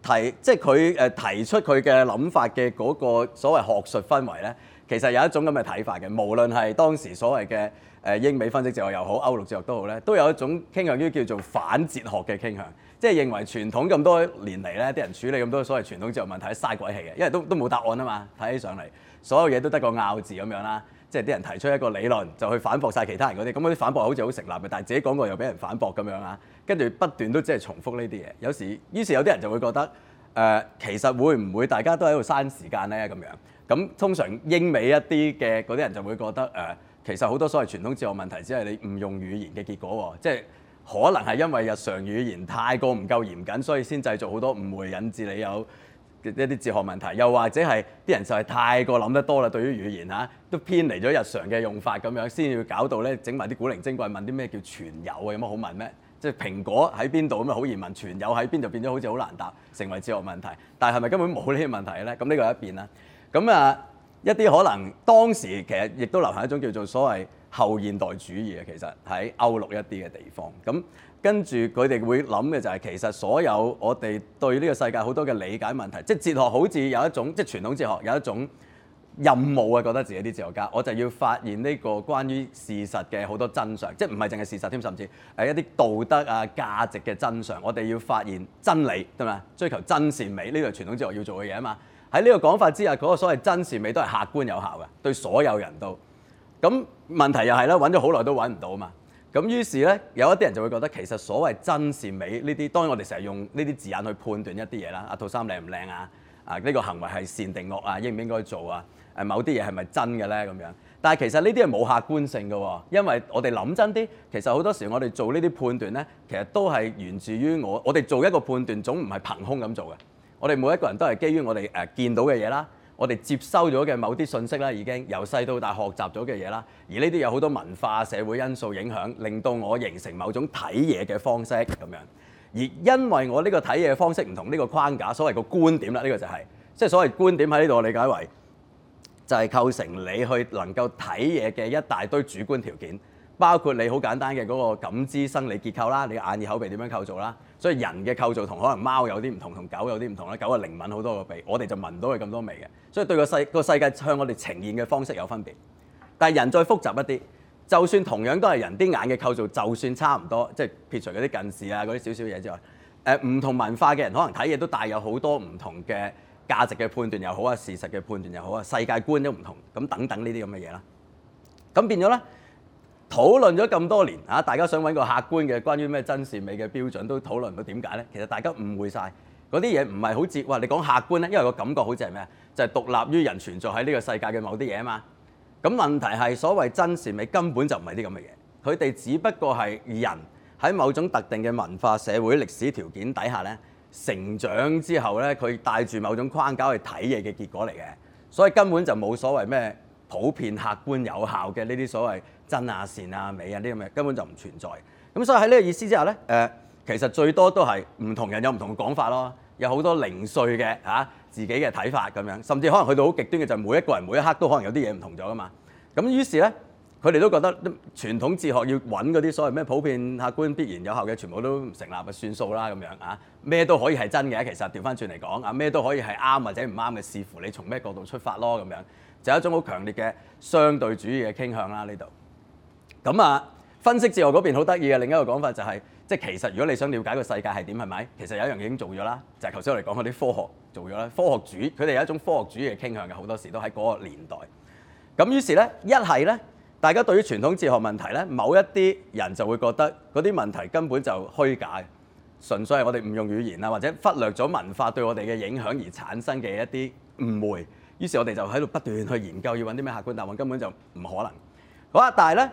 提，即係佢誒提出佢嘅諗法嘅嗰個所謂學術氛圍咧，其實有一種咁嘅睇法嘅。無論係當時所謂嘅。誒英美分析哲學又好，歐陸哲學都好咧，都有一種傾向於叫做反哲學嘅傾向，即係認為傳統咁多年嚟咧，啲人處理咁多所謂傳統哲學問題嘥鬼氣嘅，因為都都冇答案啊嘛，睇起上嚟所有嘢都得個拗字咁樣啦，即係啲人提出一個理論就去反駁晒其他人嗰啲，咁嗰啲反駁好似好成立嘅，但係自己講過又俾人反駁咁樣啊，跟住不斷都即係重複呢啲嘢，有時於是有啲人就會覺得誒、呃、其實會唔會大家都喺度嘥時間咧咁樣，咁通常英美一啲嘅嗰啲人就會覺得誒。呃其實好多所謂傳統哲學問題，只係你唔用語言嘅結果喎，即係可能係因為日常語言太過唔夠嚴謹，所以先製造好多誤會，引致你有一啲哲學問題。又或者係啲人就係太過諗得多啦，對於語言吓，都偏離咗日常嘅用法咁樣，先要搞到咧整埋啲古靈精怪，問啲咩叫全有啊？有乜好問咩？即係蘋果喺邊度咁啊？好易問全有喺邊度，變咗好似好難答，成為哲學問題。但係係咪根本冇呢啲問題咧？咁呢個一邊啦。咁啊～一啲可能當時其實亦都流行一種叫做所謂後現代主義嘅，其實喺歐陸一啲嘅地方咁，跟住佢哋會諗嘅就係其實所有我哋對呢個世界好多嘅理解問題，即係哲學好似有一種，即係傳統哲學有一種任務啊，覺得自己啲哲學家我就要發現呢個關於事實嘅好多真相，即係唔係淨係事實添，甚至係一啲道德啊、價值嘅真相，我哋要發現真理，對嘛？追求真善美呢個係傳統哲學要做嘅嘢啊嘛。喺呢個講法之下，嗰個所謂真善美都係客觀有效嘅，對所有人都。咁問題又係啦，揾咗好耐都揾唔到啊嘛。咁於是咧，有一啲人就會覺得，其實所謂真善美呢啲，當然我哋成日用呢啲字眼去判斷一啲嘢啦。阿套衫靚唔靚啊？啊呢個行為係善定惡啊？應唔應該做啊？誒某啲嘢係咪真嘅咧？咁樣。但係其實呢啲係冇客觀性嘅，因為我哋諗真啲，其實好多時我哋做呢啲判斷咧，其實都係源自於我，我哋做一個判斷總唔係憑空咁做嘅。我哋每一個人都係基於我哋誒見到嘅嘢啦，我哋接收咗嘅某啲信息啦，已經由細到大學習咗嘅嘢啦，而呢啲有好多文化、社會因素影響，令到我形成某種睇嘢嘅方式咁樣。而因為我呢個睇嘢方式唔同呢個框架，所謂個觀點啦，呢個就係即係所謂觀點喺呢度，我理解為就係構成你去能夠睇嘢嘅一大堆主觀條件，包括你好簡單嘅嗰個感知生理結構啦，你眼耳口鼻點樣構造啦。所以人嘅構造同可能貓有啲唔同，同狗有啲唔同咧。狗係靈敏好多個鼻，我哋就聞到佢咁多味嘅。所以對個世個世界向我哋呈現嘅方式有分別。但係人再複雜一啲，就算同樣都係人啲眼嘅構造，就算差唔多，即係撇除嗰啲近視啊嗰啲少少嘢之外，誒、呃、唔同文化嘅人可能睇嘢都帶有好多唔同嘅價值嘅判斷又好啊，事實嘅判斷又好啊，世界觀都唔同咁等等呢啲咁嘅嘢啦。咁變咗咧。討論咗咁多年嚇，大家想揾個客觀嘅關於咩真善美嘅標準都討論到點解呢？其實大家誤會晒嗰啲嘢，唔係好接。哇！你講客觀呢，因為個感覺好似係咩？就係獨立於人存在喺呢個世界嘅某啲嘢啊嘛。咁問題係所謂真善美根本就唔係啲咁嘅嘢，佢哋只不過係人喺某種特定嘅文化社會歷史條件底下呢，成長之後呢，佢帶住某種框架去睇嘢嘅結果嚟嘅。所以根本就冇所謂咩普遍客觀有效嘅呢啲所謂。真啊、善啊、美啊，啲咁嘅根本就唔存在。咁所以喺呢個意思之下呢，誒其實最多都係唔同人有唔同嘅講法咯，有好多零碎嘅自己嘅睇法咁樣，甚至可能去到好極端嘅就係、每一個人每一刻都可能有啲嘢唔同咗噶嘛。咁於是呢，佢哋都覺得傳統哲學要揾嗰啲所謂咩普遍客觀必然有效嘅，全部都唔成立啊，算數啦咁樣啊，咩都可以係真嘅。其實調翻轉嚟講啊，咩都可以係啱或者唔啱嘅，視乎你從咩角度出發咯咁樣，就係、一種好強烈嘅相對主義嘅傾向啦呢度。咁啊，分析哲學嗰邊好得意嘅另一個講法就係，即係其實如果你想了解個世界係點係咪？其實有一樣已經做咗啦，就係頭先我哋講嗰啲科學做咗啦。科學主佢哋有一種科學主義傾向嘅，好多時都喺嗰個年代。咁於是咧，一係咧，大家對於傳統哲學問題咧，某一啲人就會覺得嗰啲問題根本就虛假，純粹係我哋唔用語言啊，或者忽略咗文化對我哋嘅影響而產生嘅一啲誤會。於是我哋就喺度不斷去研究，要揾啲咩客觀答案，根本就唔可能。好啊，但係咧。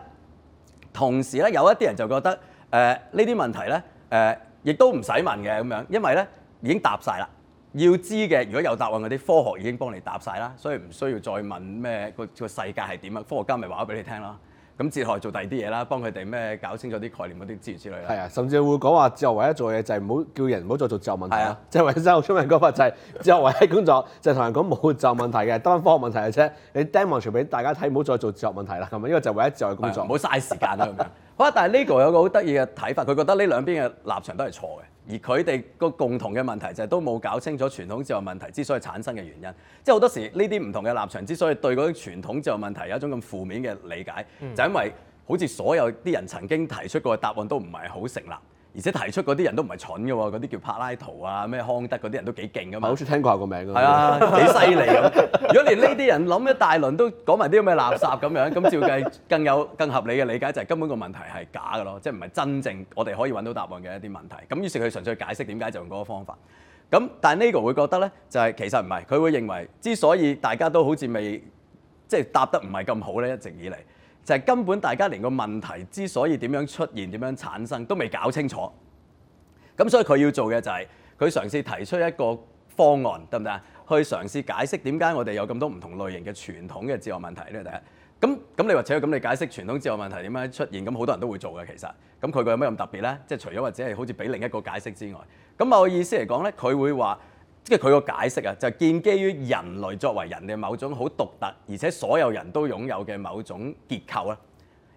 同時咧，有一啲人就覺得，誒呢啲問題咧，誒、呃、亦都唔使問嘅，咁樣，因為咧已經答晒啦。要知嘅如果有答案嗰啲，科學已經幫你答晒啦，所以唔需要再問咩個世界係點啊？科學家咪話咗俾你聽啦。咁哲學做第二啲嘢啦，幫佢哋咩搞清楚啲概念嗰啲資源之類啦。係啊，甚至會講話哲學唯一做嘢就係唔好叫人唔好再做哲學問題。係啊，即係為咗生好聰明嗰個就係哲學唯一工作就係、是、同人講冇哲學問題嘅，得翻 科學問題嘅、就、啫、是。你 demo 俾大家睇，唔好再做哲學問題啦。咁咪？呢個就係唯一哲學嘅工作，唔好嘥時間啦。 好啊，但係 Nagel 有個好得意嘅睇法，佢覺得呢兩邊嘅立場都係錯嘅。而佢哋個共同嘅問題就係都冇搞清楚傳統自由問題之所以產生嘅原因，即係好多時呢啲唔同嘅立場之所以對嗰啲傳統自由問題有一種咁負面嘅理解，就因為好似所有啲人曾經提出過嘅答案都唔係好成立。而且提出嗰啲人都唔係蠢嘅喎，嗰啲叫柏拉圖啊、咩康德嗰啲人都幾勁嘅嘛。好似聽過個名㗎。係啊，幾犀利咁。 如果連呢啲人諗一大輪都講埋啲咁嘅垃圾咁樣，咁照計更有更合理嘅理解就係根本個問題係假嘅咯，即係唔係真正我哋可以揾到答案嘅一啲問題。咁於是佢純粹解釋點解就用嗰個方法。咁但係 Nagel 會覺得呢，就係、是、其實唔係，佢會認為之所以大家都好似未即係、就是、答得唔係咁好呢，一直以嚟。就係根本大家連個問題之所以點樣出現、點樣產生都未搞清楚，咁所以佢要做嘅就係、是、佢嘗試提出一個方案，得唔得啊？去嘗試解釋點解我哋有咁多唔同類型嘅傳統嘅哲學問題咧？第一，咁咁你或者咁你解釋傳統哲學問題點樣出現，咁好多人都會做嘅其實，咁佢個有咩咁特別呢？即係除咗或者係好似俾另一個解釋之外，咁我意思嚟講呢，佢會話。即係佢個解釋啊，就建基於人類作為人嘅某種好獨特，而且所有人都擁有嘅某種結構啊。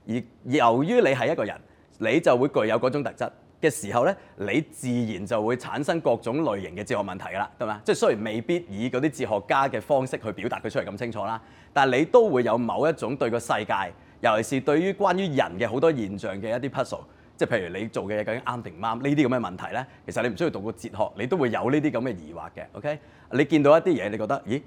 而由於你係一個人，你就會具有嗰種特質嘅時候呢，你自然就會產生各種類型嘅哲學問題㗎喇，對嘛？即係雖然未必以嗰啲哲學家嘅方式去表達佢出嚟咁清楚啦，但係你都會有某一種對個世界，尤其是對於關於人嘅好多現象嘅一啲 puzzle。即係譬如你做嘅嘢究竟啱定唔啱呢啲咁嘅問題咧？其實你唔需要讀過哲學，你都會有呢啲咁嘅疑惑嘅。OK，你見到一啲嘢，你覺得，咦？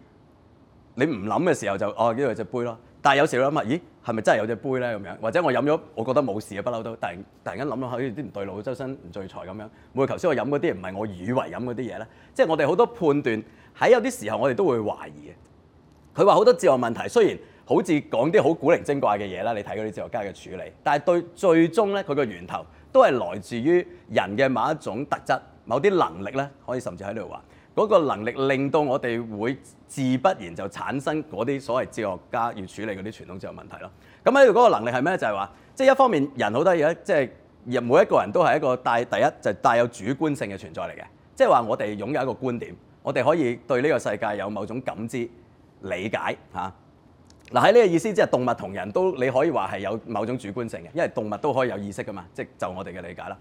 你唔諗嘅時候就哦，呢度有隻杯咯。但係有時會諗下，咦，係咪真係有隻杯咧咁樣？或者我飲咗，我覺得冇事嘅不嬲都，但突然突然間諗咗下，好似啲唔對路、周身唔聚財咁樣。會唔會頭先我飲嗰啲唔係我以為飲嗰啲嘢咧？即係我哋好多判斷喺有啲時候，我哋都會懷疑嘅。佢話好多哲學問題，雖然。好似講啲好古靈精怪嘅嘢啦，你睇嗰啲哲學家嘅處理，但係對最終呢，佢個源頭都係來自於人嘅某一種特質、某啲能力呢。可以甚至喺度話嗰個能力令到我哋會自不然就產生嗰啲所謂哲學家要處理嗰啲傳統哲學問題咯。咁喺度嗰個能力係咩？就係話即係一方面人好得意咧，即係每一個人都係一個帶第一就帶有主觀性嘅存在嚟嘅，即係話我哋擁有一個觀點，我哋可以對呢個世界有某種感知理解、吓嗱，喺呢個意思之下，動物同人都你可以話係有某種主觀性嘅，因為動物都可以有意識噶嘛，即就我哋嘅理解啦。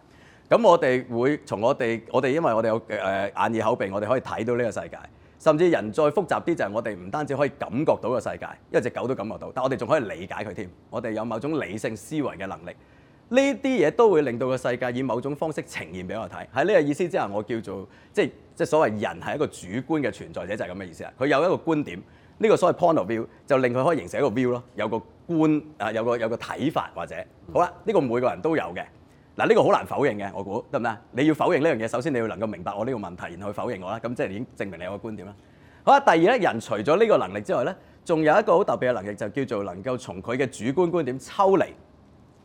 咁我哋會從我哋我哋因為我哋有、呃、眼耳口鼻，我哋可以睇到呢個世界。甚至人再複雜啲就係我哋唔單止可以感覺到個世界，因為隻狗都感覺到，但我哋仲可以理解佢添。我哋有某種理性思維嘅能力，呢啲嘢都會令到個世界以某種方式呈現俾我睇。喺呢個意思之下，我叫做即係即所謂人係一個主觀嘅存在者，就係咁嘅意思啦。佢有一個觀點。呢個所謂 point of view 就令佢可以形成一個 view 咯，有個觀啊，有個有個睇法或者好啦，呢、這個每個人都有嘅，嗱、這、呢個好難否認嘅，我估得唔得？你要否認呢樣嘢，首先你要能夠明白我呢個問題，然後去否認我啦，咁即係已經證明你有個觀點啦。好啦，第二咧，人除咗呢個能力之外咧，仲有一個好特別嘅能力，就叫做能夠從佢嘅主觀觀點抽離，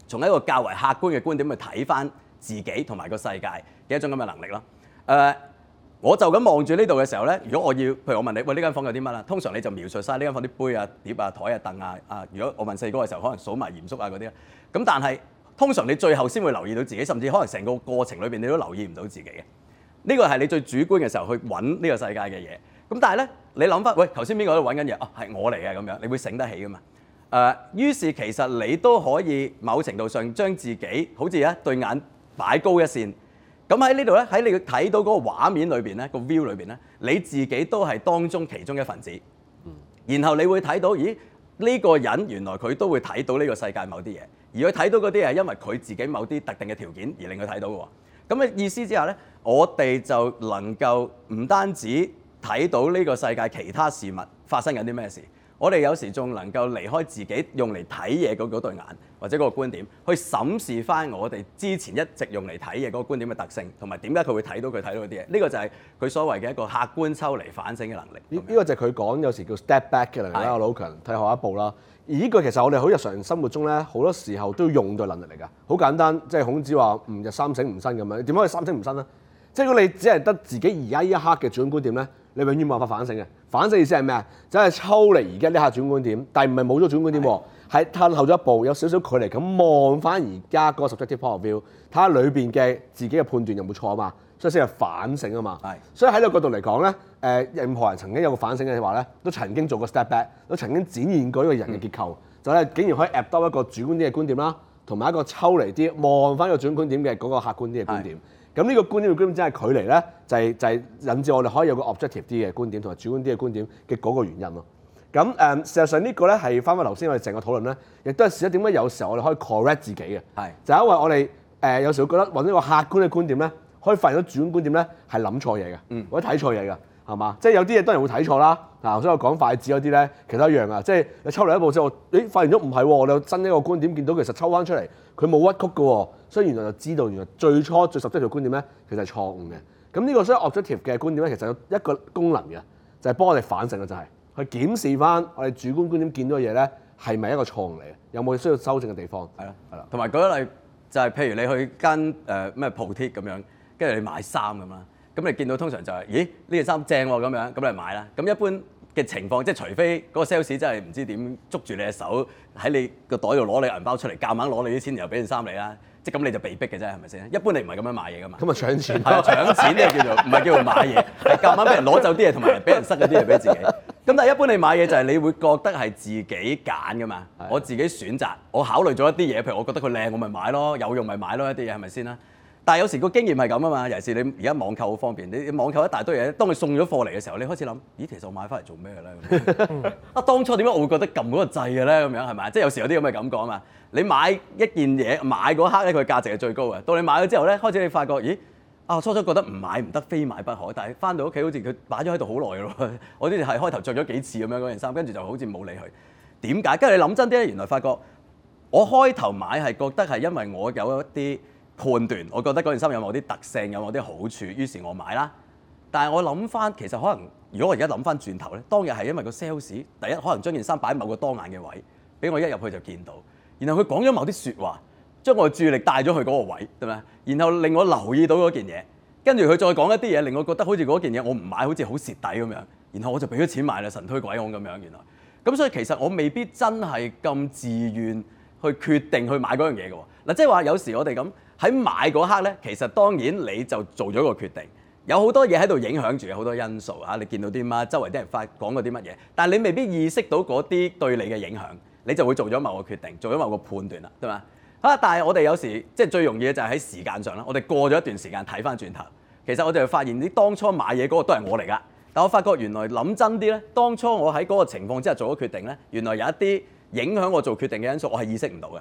從一個較為客觀嘅觀點去睇翻自己同埋個世界嘅一種咁嘅能力咯，誒、呃。我就咁望住呢度嘅時候呢，如果我要，譬如我問你，喂，呢間房有啲乜啦？通常你就描述晒呢間房啲杯啊、碟啊、台啊、凳啊啊。如果我問細個嘅時候，可能數埋嚴肅啊嗰啲啦。咁但係通常你最後先會留意到自己，甚至可能成個過程裏面你都留意唔到自己嘅。呢個係你最主觀嘅時候去揾呢個世界嘅嘢。咁但係呢，你諗翻，喂，頭先邊個喺度揾緊嘢？係我嚟嘅咁樣，你會醒得起噶嘛？誒、呃，於是其實你都可以某程度上將自己好似對眼擺高一線。咁喺呢度咧，喺你睇到嗰個畫面裏邊咧，個 view 裏邊咧，你自己都係當中其中一份子。嗯。然後你會睇到，咦？呢個人原來佢都會睇到呢個世界某啲嘢，而佢睇到嗰啲係因為佢自己某啲特定嘅條件而令佢睇到嘅喎。咁嘅意思之下咧，我哋就能夠唔單止睇到呢個世界其他事物發生緊啲咩事，我哋有時仲能夠離開自己用嚟睇嘢嗰嗰對眼或者嗰個觀點，去審視返我哋之前一直用嚟睇嘢嗰個觀點嘅特性，同埋點解佢會睇到佢睇到啲嘢。呢個就係佢所謂嘅一個客觀抽離反省嘅能力。呢個就係佢講有時叫 step back 嘅能力啦，我老強退後一步啦。而呢個其實我哋喺日常生活中呢，好多時候都要用到嘅能力嚟㗎。好簡單，即係孔子話吾日三省吾身咁樣。點解可以三省吾身呢？即係如果你只係得自己而家呢一刻嘅主觀點咧，你永遠冇辦法反省嘅。反省的意思係咩啊？即係抽離而家呢一刻的主觀點，但係唔係冇咗主觀點喎，係的褪後咗一步，有少少距離咁望翻而家個 subjective point of view，睇下裏邊嘅自己嘅判斷有冇錯啊嘛，所以先係反省啊嘛。係的。所以喺呢個角度嚟講咧，誒任何人曾經有個反省嘅話咧，都曾經做過 step back，都曾經展現過呢個人嘅結構，嗯、就係竟然可以 adopt 一個主觀啲嘅觀點啦，同埋一個抽離啲望翻個主觀點嘅嗰個客觀啲嘅觀點。咁呢個觀點，個觀點真係距離咧，就係就係引致我哋可以有個 objective 啲嘅觀點同埋主觀啲嘅觀點嘅嗰個原因咯。咁、嗯、誒，事實上呢個咧係翻返頭先我哋成個討論咧，亦都係示一點解有時候我哋可以 correct 自己嘅，係是就係因為我哋誒有時候覺得揾一個客觀嘅觀點咧，可以發現到主觀觀點咧係諗錯嘢嘅，嗯、或者睇錯嘢㗎，係嘛？即、就、係、是、有啲嘢當然會睇錯啦，嗱，所以我講筷子嗰啲咧，其他一樣啊，即係你抽嚟一部之後，咦發現咗唔係喎，我哋有新一個觀點，見到其實抽翻出嚟佢冇屈曲嘅喎。所以原來就知道原來最初最實際嘅觀點咧，其實係錯誤嘅。咁呢個所以 objective 嘅觀點咧，其實有一個功能嘅，就係幫我哋反省嘅，就係去檢視翻我哋主觀觀點見到嘅嘢咧，係咪一個錯誤嚟嘅？有冇需要修正嘅地方的？係啦，係啦。同埋舉一例，就係譬如你去間誒咩鋪貼咁樣，跟住你買衫咁啦。咁你見到通常就係、是、咦呢件衫正喎、啊、咁樣，咁你買啦。咁一般嘅情況，即係除非嗰個 sales 真係唔知點捉住你隻手喺你個袋度攞你銀包出嚟，夾硬攞你啲錢然後俾件衫你啦。即咁你就被逼嘅啫，係咪先？一般你唔係咁樣買嘢噶嘛。咁啊搶錢係買嘢，係，搶錢呢叫做，唔係叫做買嘢，係夾硬俾人攞走啲嘢，同埋俾人塞咗啲嘢俾自己。咁但係一般你買嘢就係你會覺得係自己揀噶嘛，的我自己選擇，我考慮咗一啲嘢，譬如我覺得佢靚，我咪買咯，有用咪買咯，一啲嘢係咪先啦？但係有時個經驗係咁啊嘛，尤其是你而家網購好方便，你網購一大堆嘢，當你送咗貨嚟嘅時候，你開始諗，咦，其實我買翻嚟做咩咧？ 啊，當初點解我會覺得撳嗰個掣嘅咧？咁樣係咪？即係有時有啲咁嘅感覺啊嘛。你買一件嘢買嗰刻咧，佢價值係最高嘅。到你買咗之後咧，開始你發覺，咦啊，初初覺得唔買唔得，非買不可。但係翻到屋企好似佢擺咗喺度好耐咯。我呢啲係開頭着咗幾次咁樣嗰件衫，跟住就好似冇理佢。點解？跟住你諗真啲咧，原來發覺我開頭買係覺得係因為我有一啲判斷，我覺得嗰件衫有冇啲特性，有冇啲好處，於是我買啦。但係我諗翻其實可能，如果我而家諗翻轉頭咧，當日係因為個 sales 第一可能將件衫擺喺某個多眼嘅位，俾我一入去就見到。然後佢講咗某啲説話，將我嘅注意力帶咗去嗰個位，對咪？然後令我留意到嗰件嘢，跟住佢再講一啲嘢，令我覺得好似嗰件嘢我唔買，好似好蝕底咁樣。然後我就俾咗錢買啦，神推鬼哄咁樣。原來咁，所以其實我未必真係咁自願去決定去買嗰樣嘢嘅。嗱，即係話有時我哋咁喺買嗰刻呢，其實當然你就做咗個決定，有好多嘢喺度影響住，好多因素啊！你見到啲乜，周圍啲人發講過啲乜嘢，但係你未必意識到嗰啲對你嘅影響。你就會做咗某個決定，做咗某個判斷啦，對嘛？啊！但係我哋有時，即係最容易嘅就係喺時間上啦。我哋過咗一段時間睇翻轉頭，其實我哋發現啲當初買嘢嗰個都係我嚟噶。但我發覺原來諗真啲呢，當初我喺嗰個情況之下做咗決定呢，原來有一啲影響我做決定嘅因素，我係意識唔到嘅。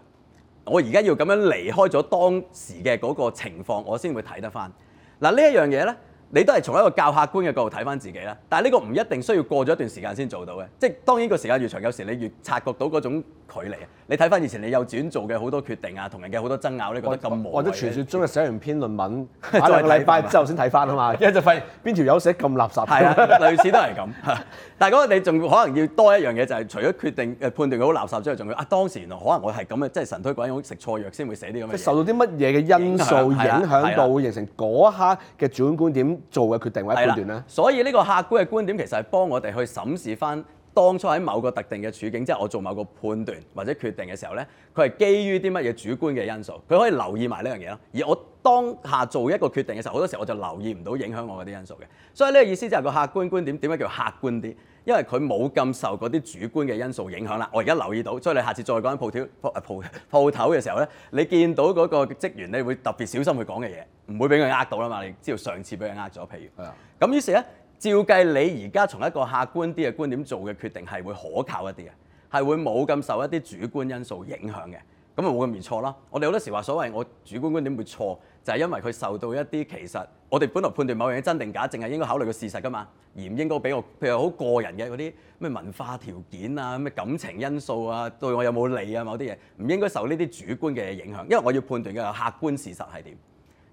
我而家要咁樣離開咗當時嘅嗰個情況，我先會睇得翻。嗱，呢一樣嘢呢。你都係從一個較客觀嘅角度睇翻自己啦，但係呢個唔一定需要過咗一段時間先做到嘅，即係當然個時間越長，有時你越察覺到嗰種距離啊。你睇翻以前你幼稚園做嘅好多決定啊，同人嘅好多爭拗你覺得咁模糊。或者傳説中嘅寫完篇論文，仲個禮拜之後先睇翻啊嘛，因一就發現邊條友寫咁垃圾。係啊，類似都係咁。 但係嗰個你仲可能要多一樣嘢，就係、是、除咗決定判斷佢好垃圾之外，仲要啊當時原來可能我係咁嘅，即係神推鬼㧬食錯藥先會寫啲咁嘅。受到啲乜嘢嘅因素影響，影響到，形成嗰一刻嘅轉觀點？做嘅決定或者判斷啦。所以呢個客觀嘅觀點，其實係幫我哋去審視翻當初喺某個特定嘅處境，即係我做某個判斷或者決定嘅時候咧，佢係基於啲乜嘢主觀嘅因素，佢可以留意埋呢樣嘢咯。而我當下做一個決定嘅時候，好多時候我就留意唔到影響我嗰啲因素嘅，所以呢個意思就係個客觀觀點，點解叫客觀啲？因為佢冇咁受嗰啲主觀嘅因素影響啦，我而家留意到，所以你下次再講鋪條鋪鋪鋪頭嘅時候咧，你見到嗰個職員你會特別小心去講嘅嘢，唔會俾佢呃到啦嘛，你知道上次俾佢呃咗，譬如，咁的於是咧照計，你而家從一個客觀啲嘅觀點做嘅決定係會可靠一啲嘅，係會冇咁受一啲主觀因素影響嘅，咁就冇咁易錯咯。我哋好多時話所謂我主觀觀點會錯。就係因為佢受到一啲其實我哋本來判斷某樣嘢真定假，淨係應該考慮個事實㗎嘛，而唔應該俾我譬如好個人嘅嗰啲咩文化條件啊、咩感情因素啊，對我有冇利啊，某啲嘢唔應該受呢啲主觀嘅影響，因為我要判斷嘅係客觀事實係點，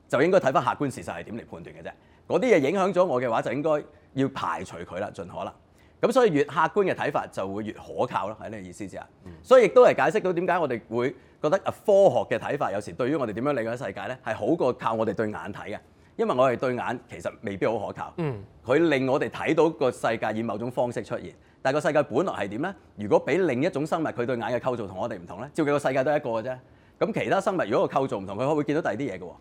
就應該睇翻客觀事實係點嚟判斷嘅啫。嗰啲嘢影響咗我嘅話，就應該要排除佢啦，盡可能。咁所以越客觀嘅睇法就會越可靠咯。係呢個意思啫。所以亦都係解釋到點解我哋會覺得啊，科學嘅睇法，有時對於我哋點樣理解世界呢，係好過靠我哋對眼睇嘅，因為我哋對眼其實未必好可靠。嗯，佢令我哋睇到個世界以某種方式出現，但個世界本來係點呢？如果俾另一種生物佢對眼嘅構造我們不同我哋唔同呢，照計個世界都係一個嘅啫。咁其他生物如果個構造唔同，佢可能會見到第二啲嘢嘅喎。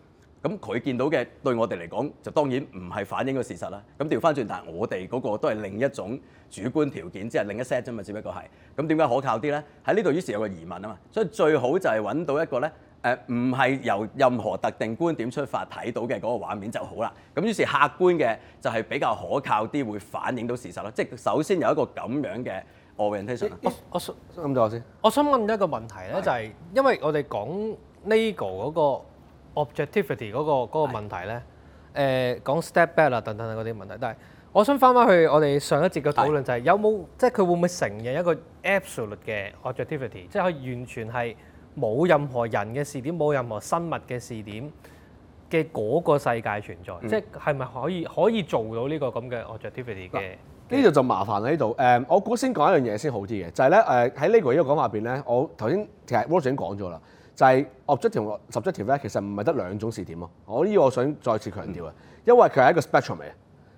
咁佢見到嘅對我哋嚟講，就當然唔係反映個事實啦。咁調翻轉，但係我哋嗰個都係另一種主觀條件，即係另一 set 啫嘛，只不過係。咁點解可靠啲咧？喺呢度於是有個疑問啊嘛。所以最好就係揾到一個咧，誒唔係由任何特定觀點出發睇到嘅嗰個畫面就好啦。咁於是客觀嘅就係比較可靠啲，會反映到事實啦。即係首先有一個咁樣嘅 orientation。我我問咗先。我想問一個問題咧，是就係因為我哋講呢個嗰、那個 objectivity 嗰個嗰個問題咧，誒講 step back 啦，等等嗰啲問題，但係我想翻返去我哋上一節嘅討論，就係有冇即係佢會唔會承認一個 absolute 嘅 objectivity，即係佢完全係冇任何人嘅視點，冇任何生物嘅視點嘅嗰個世界存在，即係係咪可以可以做到呢個咁嘅 objectivity 嘅？呢度就麻煩喺呢度誒，我估先講一樣嘢先好啲嘅，就係咧誒喺呢個呢個講法入邊咧，我頭先其實 Roger 講咗啦。就係 objective objective 咧，其實唔係得兩種視點咯。我呢個我想再次強調啊，因為佢係一個 spectrum 嚟，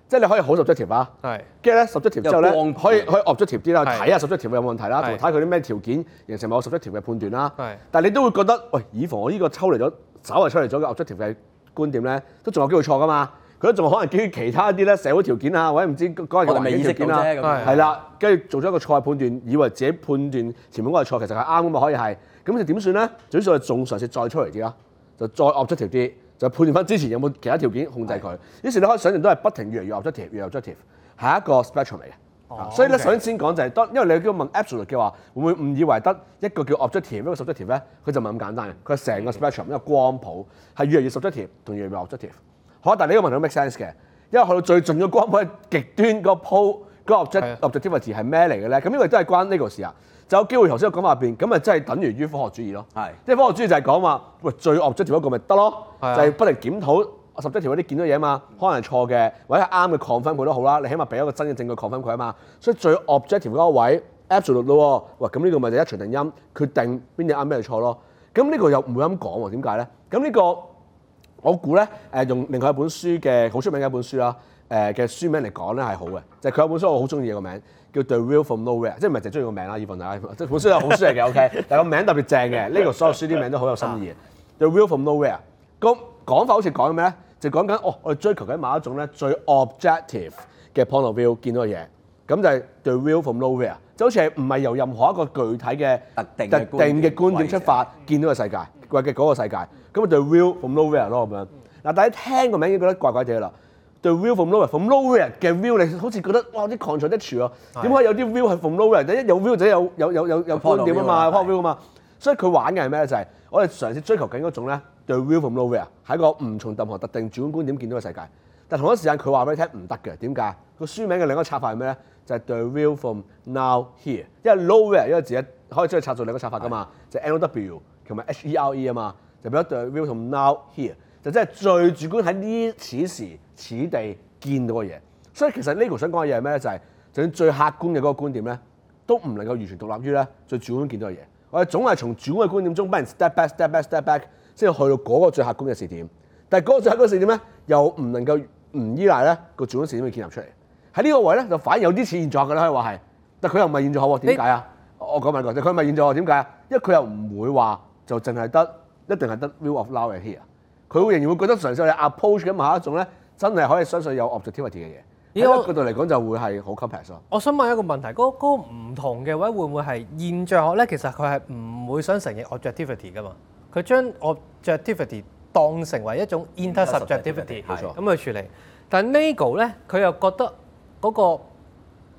即係你可以好 subjective 啦，係，跟住咧 subjective 之後咧，可以可以 objective 啲啦，睇是下 subjective 有冇問題啦，睇佢啲咩條件形成某 subjective 嘅判斷啦。是但係你都會覺得，喂，以防我呢個抽離咗，稍為出嚟咗嘅 objective 嘅觀點咧，都仲有機會錯噶嘛？佢都仲可能基於其他啲咧社會條件啊，或者唔知嗰日環境條件啦、啊，係啦，跟住的做咗一個錯誤判斷，以為自己判斷前面嗰個錯，其實係啱噶嘛，可以係。咁就點算咧？最少係仲嘗試再出嚟啲咯，就再 objective 啲，就判斷返之前有冇其他條件控制佢。是的 於是你可以想象都係不停越嚟越 objective，越，越 objective，係一個 spectrum 嚟嘅。哦、所以呢，首 okay. 先講就係、是、當因為你叫問 absolute 嘅話，會唔會誤以為得一個叫 objective，一個 subjective 呢，佢就唔係咁簡單嘅，佢成個 spectrum，、嗯、一個光譜係越嚟越 subjective 同越嚟越 objective。好，但係呢個問題都 make sense 嘅，因為去到最盡嘅光譜極端個 pole 個 objectivity 字係咩嚟嘅咧？咁的因為都係關呢個事啊。就有機會頭先我講下邊，咁咪真係等於於科學主義咯。係的，即係科學主義就係講話，喂，最 objective 一個咪得咯，就係、是、不能檢討 subjective 啲見到嘢啊嘛，可能係錯嘅，或者啱嘅 confirm 佢都好啦，你起碼俾一個真嘅證據 confirm 佢啊嘛。所以最 objective 嗰個位 absolute 咯。喂，咁呢個咪就一錘定音，決定邊啲啱咩啲錯咯。咁呢個又唔會咁講喎，點解咧？咁、這個、呢個我估咧，誒用另外一本書嘅好出名嘅一本書啦。誒嘅書名嚟講咧係好嘅，就係佢有本書我好中意嘅個名叫 The View From Nowhere，即係唔係淨中意個名啦，even 即本書有好書嚟嘅，OK， 但係個名特別正嘅，呢個所有書啲名都好有心意嘅。The View From Nowhere，咁講法好似講咩咧？就講緊哦，我追求緊某一種咧最 objective 嘅 point of view 見到嘅嘢，咁就係 The View From Nowhere，即係好似係唔係由任何一個具體嘅特定嘅觀點出發見到嘅世界，或者嗰個世界，咁就 The View From Nowhere 咯咁樣。嗱，大家聽個名已經覺得怪怪哋啦。對 view from nowhere，from nowhere 嘅 view 你好似覺得哇啲狂想得處啊！點解有啲 view 係 from nowhere？你一有 view 就有有有有有點啊嘛，point view 啊嘛。View, 所以佢玩嘅係咩咧？就係、是、我哋嘗試追求緊嗰種咧，對 view from nowhere 係一個唔從任何特定主觀觀點見到嘅世界。但同一時間佢話俾你聽唔得嘅，點解？個書名嘅另一個拆法係咩咧？就係、是、對 view from now here。因為 nowhere 因為自己可以將佢拆做另一個拆法㗎嘛，的就 N O W 同埋 H E R E 啊嘛，就變咗對 view from now here。就真係最主觀喺呢此時此地見到嘅嘢，所以其實的是什麼呢個想講嘅嘢係咩咧？就係、是、就算最客觀嘅嗰個觀點咧，都唔能夠完全獨立於咧最主觀見到嘅嘢。我哋總係從主觀嘅觀點中不斷 step back、step back、step back，先去到嗰個最客觀嘅視點。但係嗰個最客觀視點咧，又唔能夠唔依賴咧、呢個主觀視點去建立出嚟。喺呢個位咧，就反而有啲似現象嘅啦，可以話係。但佢又唔係現象喎，點解啊？你我講埋佢，佢唔係現象喎，點解啊？因為佢又唔會話就淨係得一定係得 view of now and here。佢仍然會覺得純粹係 approach 嘅某一種咧，真係可以相信有 objectivity 嘅嘢。喺呢個我角度嚟講，就會係好 complex 咯。我想問一個問題，嗰嗰唔同嘅位會唔會係現象學咧？其實佢係唔會想承認 objectivity 噶嘛。佢將 objectivity 當成為一種 intersubjectivity 咁去處理。是的 但 Nagel 咧，佢又覺得嗰個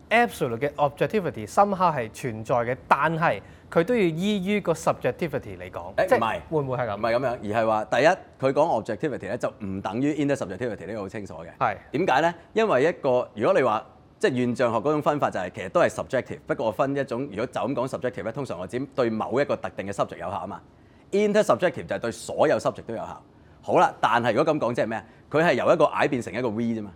absolute 嘅 objectivity 深刻係存在嘅，但係，佢都要依於個 subjectivity 嚟講，是即係唔係會唔會係咁？唔係咁樣，而係話第一，佢講 objectivity 咧就唔等於 intersubjectivity 呢個好清楚嘅。係點解呢？因為一個如果你話即係現象學嗰種分法、就係，就係其實都係 subjective，不過我分一種。如果就咁講 subjective 咧，通常我只對某一個特定嘅 subject 有效啊嘛。Mm hmm. intersubjective 就係對所有 subject 都有效。好啦，但係如果咁講，即係咩啊？佢係由一個 I 變成一個 V 啫嘛。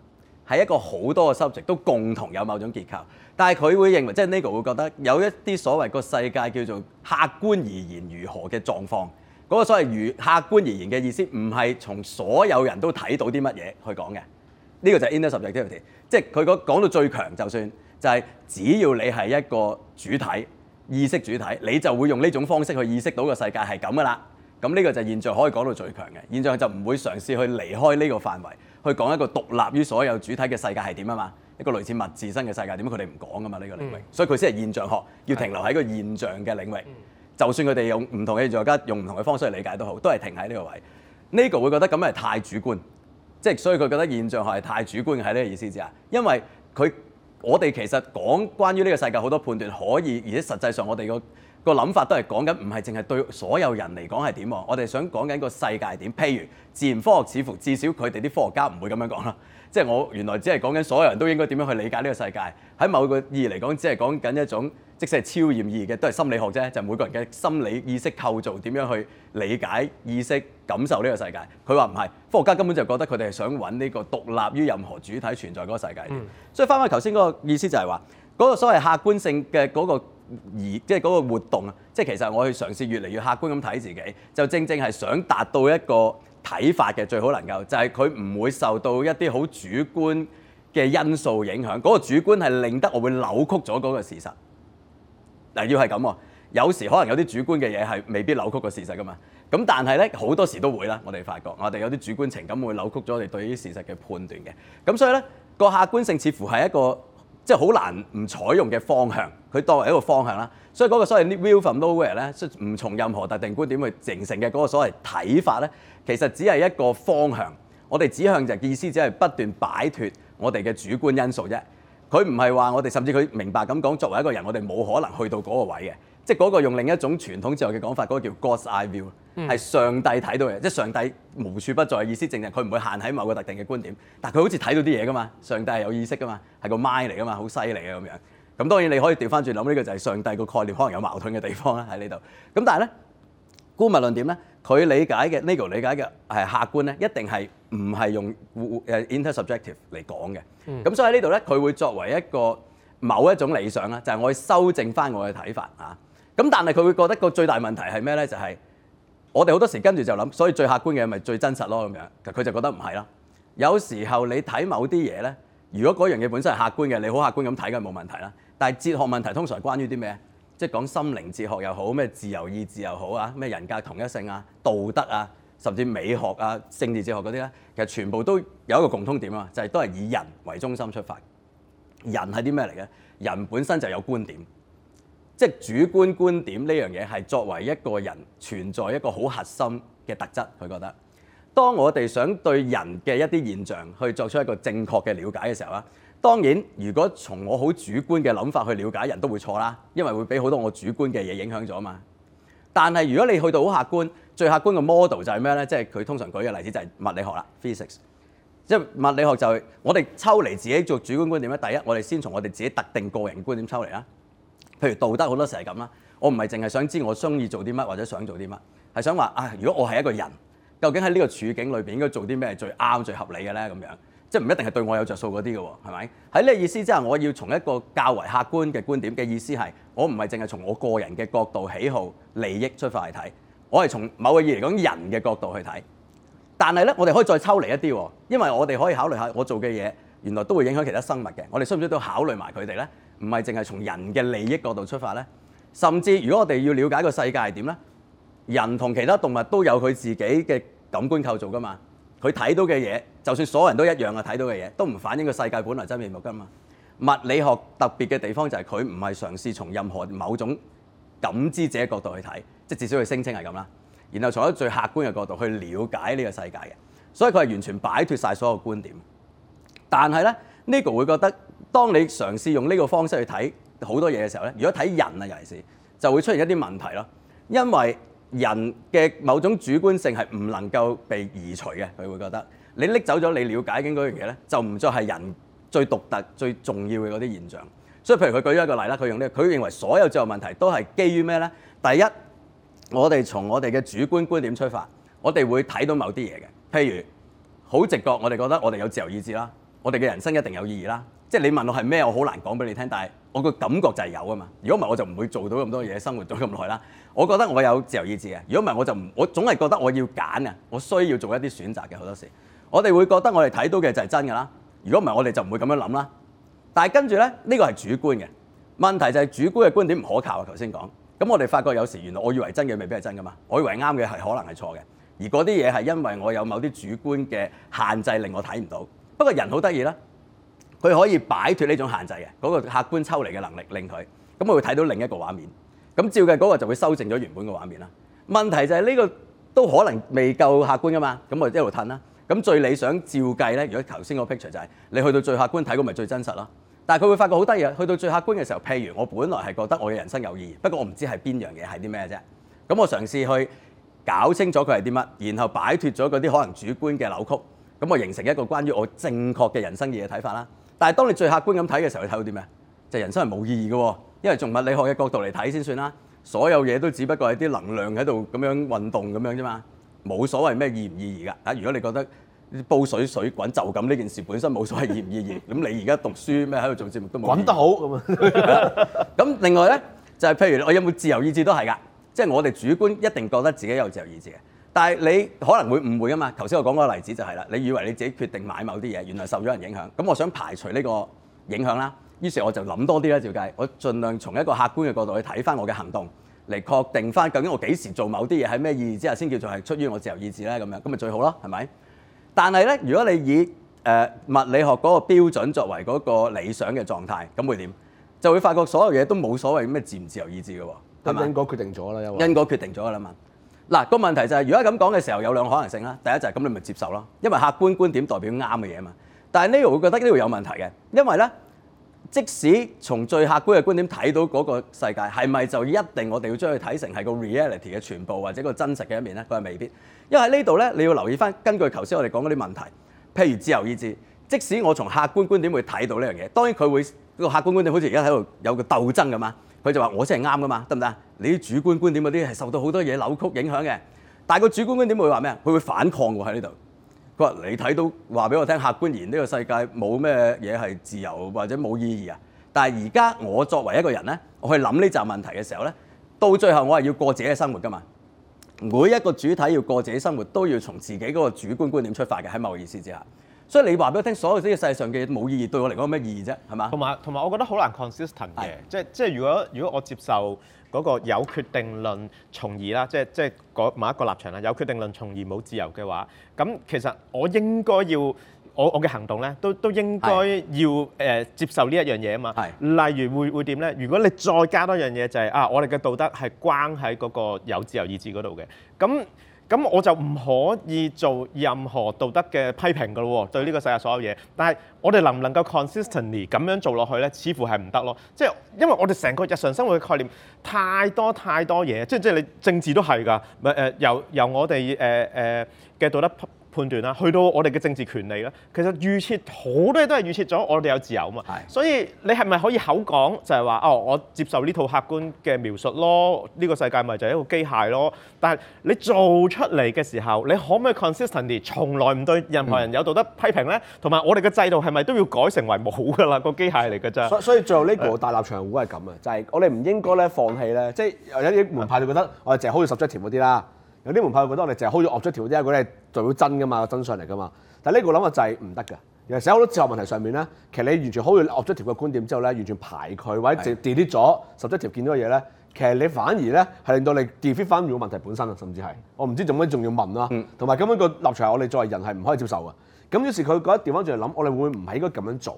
係一個好多嘅 subject 都共同有某種結構，但係佢會認為，即係 Nagel 會覺得有一啲所謂個世界叫做客觀而言如何嘅狀況，嗰、那個所謂如客觀而言嘅意思，唔係從所有人都睇到啲乜嘢去講嘅。呢、這個就係 intersubjectivity，即係佢講講到最強，就算就係只要你係一個主體，意識主體，你就會用呢種方式去意識到個世界係咁噶啦。咁、這、呢個就現象可以講到最強嘅，現象就唔會嘗試去離開呢個範圍。去講一個獨立於所有主體嘅世界係點啊嘛，一個類似物自身嘅世界，點解佢哋唔講啊嘛，呢個領域，所以佢先係現象學要停留喺一個現象嘅領域。就算佢哋用唔同嘅作家，用唔同嘅方式去理解都好，都係停喺呢個位置。Nagel 會覺得咁樣係太主觀，即係所以佢覺得現象學係太主觀喺呢個意思之下，因為佢。我哋其實講關於呢個世界好多判斷可以，而且實際上我哋個個諗法都係講緊，唔係淨係對所有人嚟講係點喎？我哋想講緊個世界係點？譬如自然科學，似乎至少佢哋啲科學家唔會咁樣講啦。即係我原來只係講緊所有人都應該點樣去理解呢個世界。喺某個意義嚟講，只係講緊一種即使係超驗意義嘅，都係心理學啫。就係每個人嘅心理意識構造點樣去理解意識。感受呢個世界，佢話唔係，科學家根本就覺得佢哋係想揾呢個獨立於任何主體存在嗰個世界。所以翻返頭先嗰個意思就係話，嗰個所謂客觀性嘅嗰個而即係嗰個活動啊，即係其實我去嘗試越嚟越客觀咁睇自己，就正正係想達到一個睇法嘅最好能夠，就係佢唔會受到一啲好主觀嘅因素影響。嗰個主觀係令得我會扭曲咗嗰個事實。嗱，要係咁喎，有時可能有啲主觀嘅嘢係未必扭曲個事實噶嘛。咁但係咧，好多時都會啦，我哋發覺我哋有啲主觀情感會扭曲咗我哋對於事實嘅判斷嘅。咁所以咧，個客觀性似乎係一個即係好難唔採用嘅方向，佢當為一個方向啦。所以嗰個所謂 view from nowhere 咧，唔從任何特定觀點去形成嘅嗰個所謂睇法咧，其實只係一個方向。我哋指向就意思只係不斷擺脱我哋嘅主觀因素啫。佢唔係話我哋甚至佢明白咁講，作為一個人，我哋冇可能去到嗰個位嘅。即係嗰個用另一種傳統之後嘅講法，嗰、那個叫 God's eye view，係上帝睇到嘅，即係上帝無處不在意思，正正佢唔會限喺某個特定嘅觀點，但係佢好似睇到啲嘢㗎嘛，上帝係有意識㗎嘛，係個 mind 嚟㗎嘛，好犀利啊咁樣。咁當然你可以調翻轉諗，呢、這個就係上帝個概念可能有矛盾嘅地方啦喺呢度。咁但係咧，孤物論點咧，佢理解嘅，Nagel 理解嘅係客觀咧，一定係唔係用 intersubjective 嚟講嘅。咁、嗯、所以喺呢度咧，佢會作為一個某一種理想啦，就係、是、我去修正翻我嘅睇法啊。咁但係佢會覺得個最大問題係咩咧？就係我哋好多時跟住就諗，所以最客觀嘅咪最真實咯咁樣。佢就覺得唔係啦。有時候你睇某啲嘢咧，如果嗰樣嘢本身係客觀嘅，你好客觀咁睇嘅冇問題啦。但係哲學問題通常關於啲咩？即係講心靈哲學又好，咩自由意志又好啊，咩人格同一性啊、道德啊，甚至美學啊、政治哲學嗰啲咧，其實全部都有一個共通點啊，就係都係以人為中心出發。人係啲咩嚟嘅？人本身就有觀點。即係主觀觀點呢樣嘢係作為一個人存在一個好核心嘅特質。佢覺得當我哋想對人嘅一啲現象去作出一個正確嘅了解嘅時候啦，當然如果從我好主觀嘅諗法去了解人都會錯啦，因為會俾好多我主觀嘅嘢影響咗嘛。但係如果你去到好客觀，最客觀嘅 model 就係咩呢？即係佢通常舉嘅例子就係物理學啦，physics。即係物理學就係我哋抽離自己做主觀觀點咧。第一，我哋先從我哋自己特定個人觀點抽離啦。譬如道德好多時係咁啦，我唔係淨係想知我中意做啲乜或者想做啲乜，係想話啊，如果我係一個人，究竟喺呢個處境裏邊應該做啲咩最啱最合理嘅呢？咁樣即係唔一定係對我有着數嗰啲嘅喎，係咪？喺呢個意思之下，我要從一個較為客觀嘅觀點嘅意思係，我唔係淨係從我個人嘅角度喜好利益出發嚟睇，我係從某個意義嚟講人嘅角度去睇。但係呢，我哋可以再抽離一啲，因為我哋可以考慮下我做嘅嘢原來都會影響其他生物嘅，我哋需唔需要都考慮埋佢哋呢？唔係淨係從人嘅利益角度出發呢？甚至如果我哋要了解個世界係點呢？人同其他動物都有佢自己嘅感官構造㗎嘛，佢睇到嘅嘢，就算所有人都一樣啊睇到嘅嘢，都唔反映個世界本來真面目㗎嘛。物理學特別嘅地方就係佢唔係嘗試從任何某種感知者角度去睇，即至少佢聲稱係咁啦。然後從一最客觀嘅角度去了解呢個世界嘅，所以佢係完全擺脱晒所有觀點。但係呢，呢個會覺得。當你嘗試用呢個方式去睇好多嘢嘅時候咧，如果睇人啊，尤其是就會出現一啲問題咯，因為人嘅某種主觀性係唔能夠被移除嘅。佢會覺得你拎走咗你了解緊嗰樣嘢咧，就唔再係人最獨特最重要嘅嗰啲現象。所以譬如佢舉咗一個例啦，佢用呢個，佢認為所有自由問題都係基於咩咧？第一，我哋從我哋嘅主觀觀點出發，我哋會睇到某啲嘢嘅。譬如好直覺，我哋覺得我哋有自由意志啦，我哋嘅人生一定有意義啦。即係你問我係咩，我好難講俾你聽。但係我個感覺就係有啊嘛。如果唔係我就唔會做到咁多嘢，生活咗咁耐啦。我覺得我有自由意志嘅。如果唔係我就唔，我總係覺得我要揀嘅，我需要做一啲選擇嘅。好多時我哋會覺得我哋睇到嘅就係真㗎啦。如果唔係我哋就唔會咁樣諗啦。但係跟住咧，呢個係主觀嘅問題，就係主觀嘅觀點唔可靠啊。頭先講，咁我哋發覺有時原來我以為真嘅未必係真噶嘛。我以為啱嘅係可能係錯嘅，而嗰啲嘢係因為我有某啲主觀嘅限制，令我睇唔到。不過人好得意啦～佢可以擺脱呢種限制嘅，嗰個客觀抽離嘅能力令佢，咁我會睇到另一個畫面。咁照計嗰個就會修正咗原本嘅畫面啦。問題就係呢個都可能未夠客觀噶嘛，咁我就一路褪啦。咁最理想照計呢，如果頭先個 picture 就係你去到最客觀睇過，咪最真實咯。但佢會發覺好得意去到最客觀嘅時候，譬如我本來係覺得我嘅人生有意義，不過我唔知係邊樣嘢係啲咩啫。咁我嘗試去搞清楚佢係啲乜，然後擺脱咗嗰啲可能主觀嘅扭曲，咁我形成一個關於我正確嘅人生意義嘅睇法啦。但係當你最客觀咁睇嘅時候，你睇到啲咩？就係、人生係冇意義嘅，因為從物理學嘅角度嚟睇先算啦。所有嘢都只不過係啲能量喺度咁樣運動咁樣啫嘛，冇所謂咩意唔意義噶。啊，如果你覺得煲水水滾就咁，呢件事本身冇所謂意唔意義。咁 你而家讀書咩喺度做節目都冇意義，滾得好咁。咁 另外咧就係、係、譬如我有冇自由意志都係噶，即、就、係、係、我哋主觀一定覺得自己有自由意志嘅。但係你可能會誤會啊嘛，頭先我講嗰個例子就係啦，你以為你自己決定買某啲嘢，原來受咗人影響。咁我想排除呢個影響啦，於是我就諗多啲啦，照計，我盡量從一個客觀嘅角度去睇翻我嘅行動，嚟確定翻究竟我幾時做某啲嘢，喺咩意義之下先叫做係出於我自由意志咧咁樣，咁咪最好咯，係咪？但係咧，如果你以誒物理學嗰個標準作為嗰個理想嘅狀態，咁會點？就會發覺所有嘢都冇所謂咩自唔自由意志嘅喎，係嘛？因果決定咗啦，因為因果決定咗啦嘛。嗱個問題就係，如果咁講嘅時候有兩個可能性啦。第一就係咁，你咪接受咯，因為客觀觀點代表啱嘅嘢嘛。但係呢度會覺得呢度有問題嘅，因為咧，即使從最客觀嘅觀點睇到嗰個世界，係咪就一定我哋要將佢睇成係個 reality 嘅全部或者個真實嘅一面咧？佢係未必。因為喺呢度咧，你要留意翻，根據頭先我哋講嗰啲問題，譬如自由意志，即使我從客觀觀點會睇到呢樣嘢，當然佢會個客觀觀點好似而家喺度有個鬥爭咁嘛。佢就話：我先係啱㗎嘛，得唔得？你啲主觀觀點嗰啲係受到好多嘢扭曲的影響嘅。但係個主觀觀點會話咩？佢會反抗喎喺呢度。佢話：你睇到話俾我聽，客觀言呢個世界冇咩嘢係自由或者冇意義啊。但係而家我作為一個人呢，我去諗呢集問題嘅時候呢，到最後我係要過自己嘅生活㗎嘛。每一個主體要過自己的生活，都要從自己嗰個主觀觀點出發嘅，喺某個意思之下。所以你話俾我聽，所有呢啲世上嘅嘢冇意義，對我嚟講有咩意義啫？係嘛？同埋同埋，我覺得好難 consistent 嘅，即即係如果如果我接受嗰個有決定論從而啦，即即係嗰某一個立場啦，有決定論從而冇自由嘅話，咁其實我應該要我我嘅行動咧，都都應該要誒接受呢一樣嘢啊嘛。係。例如會會點咧？如果你再加多一樣嘢就係啊，我哋嘅道德係關喺嗰個有自由意志嗰度嘅，咁。咁我就唔可以做任何道德嘅批評噶咯，對呢個世界所有嘢。但係我哋能唔能夠 consistently 咁樣做落去呢？似乎係唔得咯。即係因為我哋成個日常生活嘅概念太多太多嘢，即係即係你政治都係㗎，呃，由由我哋誒誒嘅道德，判斷啦，去到我哋嘅政治權利咧，其實預設好多嘢都係預設咗我哋有自由啊嘛。是的所以你係咪可以口講就係話哦，我接受呢套客觀嘅描述咯？呢個世界咪就係一個機械咯？但係你做出嚟嘅時候，你可唔可以 consistently 從來唔對任何人有道德批評咧？同埋、嗯、我哋嘅制度係咪都要改成為冇㗎啦？個機械嚟㗎啫。所以最後呢個大立場，會係咁啊，就係、是、我哋唔應該咧放棄咧，即、就、係、是、有啲門派就覺得我哋淨係好似十張條嗰啲啦。有啲門派佢覺得我哋就係 hold 咗 objective，因為佢咧代表真噶嘛，真相嚟噶嘛。但係呢個諗法就係唔得嘅。其實好多哲學問題上面咧，其實你完全 hold 咗 objective 嘅觀點之後咧，完全排佢或者直接 delete 咗 subjective 見到嘅嘢咧，其實你反而咧係令到你 delete 翻個問題本身啊，甚至係我唔知做乜仲要問啦。同埋根本個立場我哋作為人係唔可以接受嘅。咁於是佢覺得調翻轉嚟諗，我哋會唔係應該咁樣做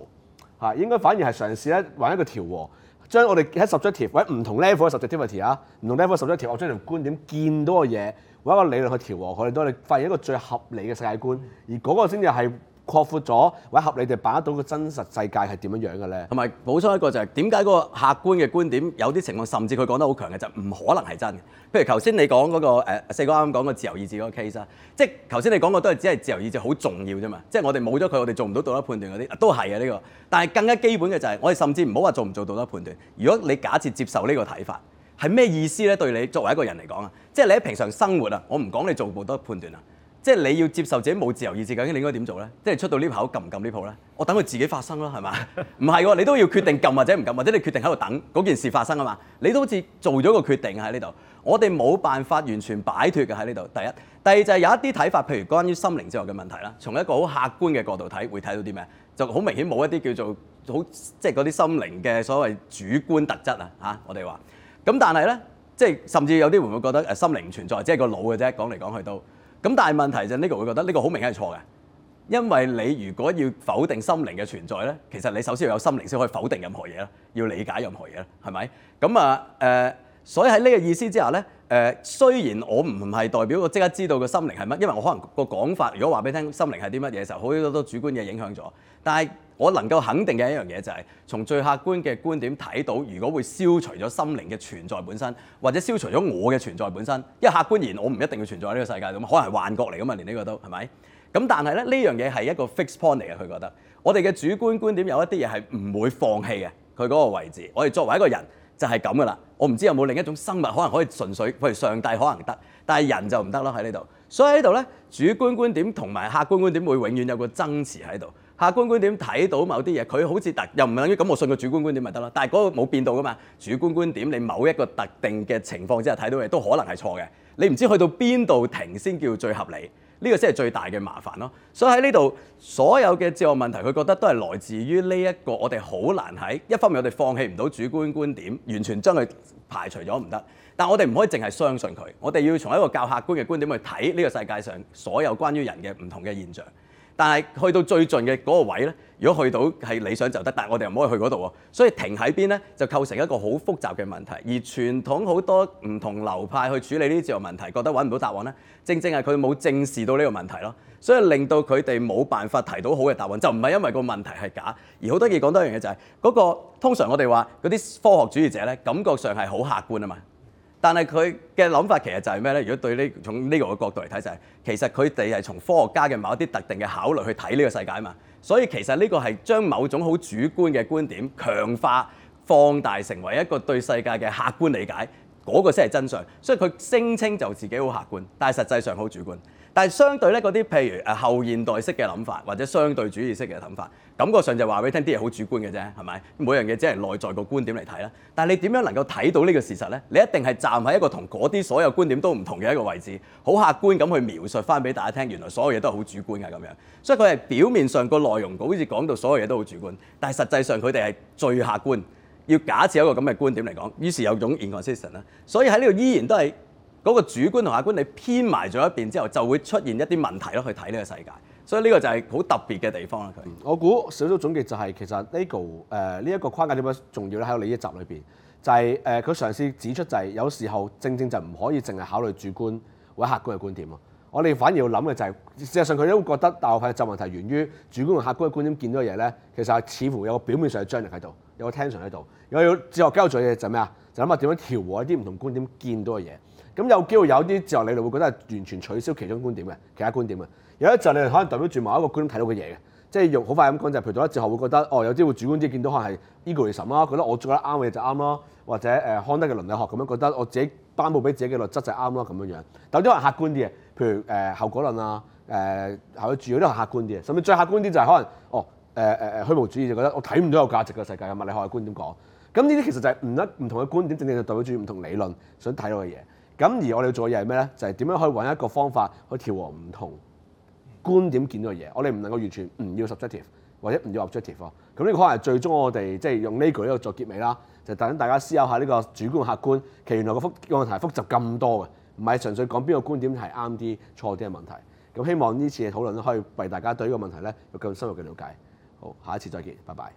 嚇？應該反而係嘗試咧揾一個調和，將我哋喺 subjective 或者唔同 level 嘅 subjectivity 啊，唔同 level 嘅 subjective e i v objective 觀點見到嘅嘢。揾一個理論去調和佢哋，都係發現一個最合理嘅世界觀，而嗰個先至係擴闊咗，或者合理地把握到個真實世界係點樣樣嘅咧。同埋補充一個就係點解嗰個客觀嘅觀點有啲情況，甚至佢講得好強嘅就唔可能係真嘅。譬如頭先你講嗰個、呃、四哥啱啱講嘅自由意志嗰 case 啦，即係頭先你講嘅都係只係自由意志好重要啫嘛。即係我哋冇咗佢，我哋做唔到道德判斷嗰啲都係啊呢個。但係更加基本嘅就係我哋甚至唔好話做唔做道德判斷。如果你假設接受呢個睇法。係咩意思咧？對你作為一個人嚟講啊，即係你喺平常生活啊，我唔講你做唔做得判斷啊，即係你要接受自己冇自由意志，究竟你應該點做咧？即係出到呢口撳唔撳呢鋪咧？我等佢自己發生咯，係嘛？唔係喎，你都要決定撳或者唔撳，或者你決定喺度等嗰件事發生啊嘛。你都好似做咗個決定喺呢度。我哋冇辦法完全擺脫嘅喺呢度。第一，第二就係有一啲睇法，譬如關於心靈之外嘅問題啦，從一個好客觀嘅角度睇，會睇到啲咩？就好明顯冇一啲叫做好，即係嗰啲心靈嘅所謂主觀特質啊！嚇，我哋話。咁但係咧，即係甚至有啲會唔會覺得誒心靈唔存在，即係個腦嘅啫？講嚟講去都咁，但係問題就係呢個會覺得呢個好明顯係錯嘅，因為你如果要否定心靈嘅存在咧，其實你首先要有心靈先可以否定任何嘢啦，要理解任何嘢啦，係咪？咁啊誒，所以喺呢個意思之下咧，誒、呃、雖然我唔係代表我即刻知道個心靈係乜，因為我可能個講法如果話俾你聽心靈係啲乜嘢嘅時候，好多都主觀嘢影響咗，但係。我能夠肯定嘅一樣嘢就係、是，從最客觀嘅觀點睇到，如果會消除咗心靈嘅存在本身，或者消除咗我嘅存在本身，因為客觀而言：「我唔一定要存在呢個世界，咁可能係幻覺嚟㗎嘛。」連你呢個都係咪？咁但係咧，呢樣嘢係一個 fixed point 嚟嘅，佢覺得我哋嘅主觀觀點有一啲嘢係唔會放棄嘅，佢嗰個位置。我哋作為一個人就係咁噶啦，我唔知有冇另一種生物可能可以純粹，譬如上帝可能得，但係人就唔得咯，喺呢度。所以喺度咧，主觀觀點同埋客觀觀點會永遠有個爭持喺度。客觀觀點睇到某啲嘢，佢好似特又唔等於咁，我信個主觀觀點咪得咯。但係嗰個冇變到噶嘛，主觀觀點你某一個特定嘅情況之下睇到嘅都可能係錯嘅。你唔知去到邊度停先叫最合理，呢個先係最大嘅麻煩咯。所以喺呢度所有嘅哲學問題，佢覺得都係來自於呢一個，我哋好難喺一方面，我哋放棄唔到主觀觀點，完全將佢排除咗唔得。但我哋唔可以淨係相信佢，我哋要從一個較客觀嘅觀點去睇呢個世界上所有關於人嘅唔同嘅現象。但係去到最盡嘅嗰個位咧，如果去到係理想就得，但係我哋又唔可以去嗰度，所以停喺邊呢，就構成一個好複雜嘅問題。而傳統好多唔同流派去處理呢啲自由問題，覺得揾唔到答案呢，正正係佢冇正視到呢個問題咯。所以令到佢哋冇辦法提到好嘅答案，就唔係因為個問題係假，而好多嘢講多一樣嘢就係嗰個。通常我哋話嗰啲科學主義者呢，感覺上係好客觀啊嘛。但係佢嘅諗法其實就係咩呢？如果對呢從呢個角度嚟睇就係，其實佢哋係從科學家嘅某一啲特定嘅考慮去睇呢個世界嘛。所以其實呢個係將某種好主觀嘅觀點強化、放大成為一個對世界嘅客觀理解，嗰、嗰個先係真相。所以佢聲稱就自己好客觀，但係實際上好主觀。但係相對咧，嗰啲譬如誒後現代式嘅諗法，或者相對主義式嘅諗法，感覺上就話俾你聽啲嘢好主觀嘅啫，係咪？每樣嘢只係內在個觀點嚟睇啦。但你點樣能夠睇到呢個事實呢？你一定係站喺一個同嗰啲所有觀點都唔同嘅一個位置，好客觀咁去描述翻俾大家聽，原來所有嘢都係好主觀嘅咁樣。所以佢係表面上個內容好似講到所有嘢都好主觀，但係實際上佢哋係最客觀。要假設有一個咁嘅觀點嚟講，於是有種 inconsistent 啦。所以喺呢度依然都係嗰個主觀同客觀，你偏埋咗一邊之後，就會出現一啲問題咯。去睇呢個世界，所以呢個就係好特別嘅地方啦。佢我估少少總結就係其實 Nagel 誒呢一個框架點解重要咧？喺我哋呢一集裏邊就係誒佢嘗試指出，就係有時候正正就唔可以淨係考慮主觀或者客觀嘅觀點咯。我哋反而要諗嘅就係，事實上佢都覺得大部分嘅哲學問題源於主觀同客觀嘅觀點見到嘅嘢咧，其實似乎有個表面上嘅張力喺度，有個 tension 喺度。有要自我交際嘅就係咩啊？就諗下點樣調和一啲唔同觀點見到嘅嘢。咁有機會有啲哲學理論會覺得係完全取消其中觀點嘅其他觀點嘅。有一陣你可能代表住某一個觀點睇到嘅嘢嘅，即係用好快咁講，就係譬如讀一哲學會覺得哦，有啲會主觀啲，見到可能係依個為什啦，覺得我做得啱嘅嘢就啱咯，或者誒康德嘅倫理學咁樣覺得我自己頒布俾自己嘅律則就啱咯咁樣樣。但有啲人客觀啲嘅，譬如誒後果論啊，誒後果主義嗰係客觀啲嘅，甚至最客觀啲就係可能哦誒誒誒虛無主義就覺得我睇唔到有價值嘅世界嘅物理學嘅觀點講。咁呢啲其實就係唔一唔同嘅觀點，正正就代表住唔同理論想睇到嘅嘢。咁而我哋要做嘅嘢係咩咧？就係點樣可以揾一個方法去調和唔同觀點見到嘅嘢。我哋唔能夠完全唔要 subjective，或者唔要 objective。咁呢個可能係最終我哋即係用呢句呢個作結尾啦。就等大家思考一下呢個主觀客觀，其實原來個複個問題複雜咁多嘅，唔係純粹講邊個觀點係啱啲錯啲嘅問題。咁希望呢次嘅討論都可以為大家對呢個問題咧有更深入嘅了解。好，下一次再見，拜拜。